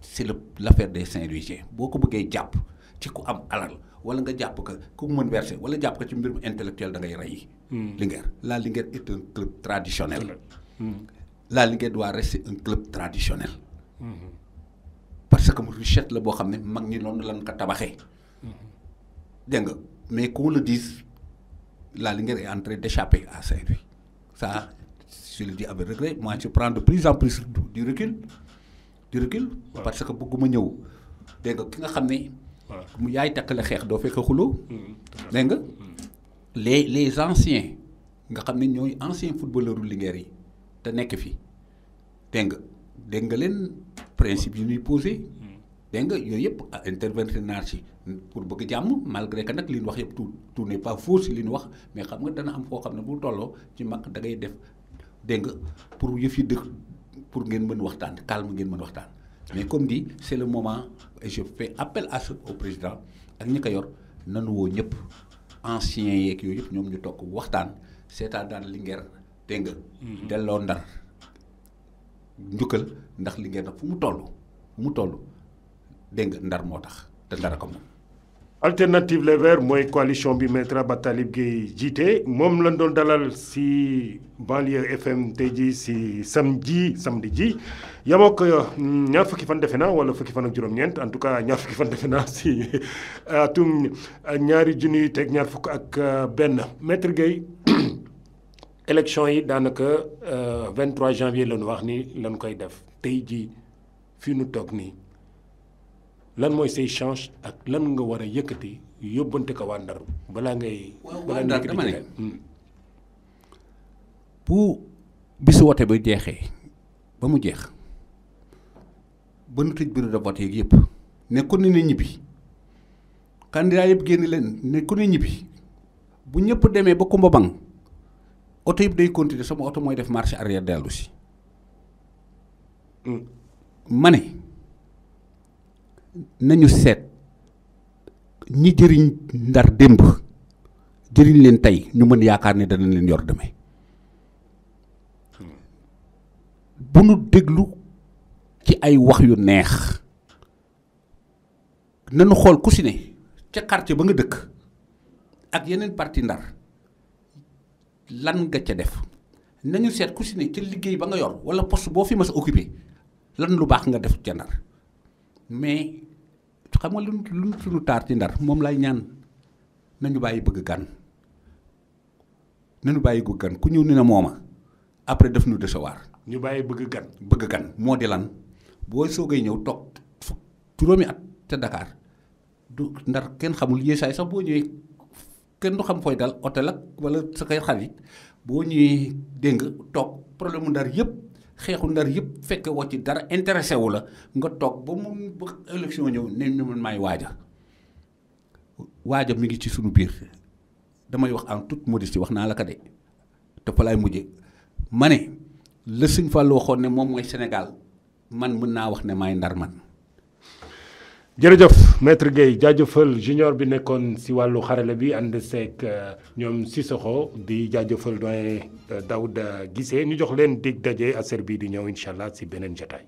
c'est le l'affaire des saint louis boko ko japp ci ku am alal wala nga japp ko ku mën verser wala japp ko ci mbir intellectuel da ngay ray hmm. Linguère la Linguère est un club traditionnel. la Ligue doit rester un club traditionnel. parce que Richette la boo xam ne mag ñi loolu lan ko mais qu'on le dise la Ligue est en train d'échapper à Saint-Louis ça je le dis avec regret moi je prends de plus en plus du recul du recul. parce que beaucoup ñëw dégg Dengue, ki nga xam ne. mu yaay takk la xeex doo fekk xuloo. Mm-hmm. dégg les les anciens nga xam ne anciens footballeurs Linguère yi. te nekk fi dégg nga dégg nga leen principe yi ñuy posé dégg nga yooyu yëpp ah, intervenir naa ci pour bëgg jàmm malgré que nag li wax yëpp tout tout n'est pas faux li ñu wax mais xam nga dana am foo xam ne bu tolloo ci mag da ngay def dégg nga pour yëf yi dëkk pour ngeen mën waxtaan calme ngeen mën waxtaan mais comme dit c'est le moment et je fais appel à ce au président ak ñi ko yor nanu woo ñëpp anciens yeeg yooyu yëpp ñoom ñu toog waxtaan seetaan daan li ngeer dégg nga delloo ndar njukkal ndax li ngeen fu mu toll fu mu toll dégg nga ndar moo tax te ndara ko moom alternative les verts mooy coalition bi maître ba talib gueye jiite moom lañ doon dalal si banlieue fm tey ji si samedi samedi ji yamok euh, ñaar fukki fan defena wala fukki fan ak juróom-ñeent en tout cas ñaar fukki fan defena si [laughs] atum ñaari junni teg ñaar fukk ak euh, benn maître gueye élection yi daanaka 23 euh, janvier lañu wax ni lan koy def tey jii fii nu toog nii lan mooy say change ak lan nga war a yëkkati yóbbante ko waa Ndar balaa ngay. balaa ngay dama hmm. bu bisu wote ba jeexee ba mu jeex ba nu tëj bureau de vote yépp yëpp nekkoon ne ñibbi candidat yëpp génn leen nekkoon ne ñibbi bu ñëpp demee ba Kumba Bang. oto yëpp day continuer sama oto mooy def marche arrière dellu si mm. ma ne nañu seet ñi jëriñ ndar démb jëriñ leen tey ñu mën yaakaar ne danañ leen yor demee bu nu déglu ci ay wax yu neex nanu xool ku si ne ca quartier ba nga dëkk ak yeneen parti ndar lan nga ca def nañu seet ku si ne ca liggéey ba nga yor wala poste boo fi ma sa occupé lan lu baax nga def ca ndar mais xam nga lu lu suñu taar ci ndar moom lay ñaan nañu bàyyi bëgg gan nañu bàyyi gu gan ku ñëw ni na mooma après def nu décevoir ñu bàyyi bëgg gan bëgg gan moo di lan boo soogay ñëw toog juróomi at ca dakar du ndar kenn xamul yéesaay sax boo ñëwee kenn du xam fooy dal hôtel ak wala sa kay xarit boo ñuy dégg toog problème mu ndar yëpp xeexu ndar yëpp fekk woo ci dara intéressé wu la nga toog ba mu ba élection ñëw ne ñu man maay waaja waaja mi ngi ci sunu biir damay wax en toute modestie wax naa la ko de te fa laay mujjee ma ne le sëñ Fall waxoon ne moom mooy Sénégal man mën naa wax ne maay ndar man jërëjëf maître Guèye jaajëfal junior bi nekkoon si wàllu xarale bi ànd seeg euh, ñoom Cissokho di jaajëfal doyen euh, Daouda Guissé ñu jox leen dig daje aser bi di ñëw incha allah si beneen jotaay.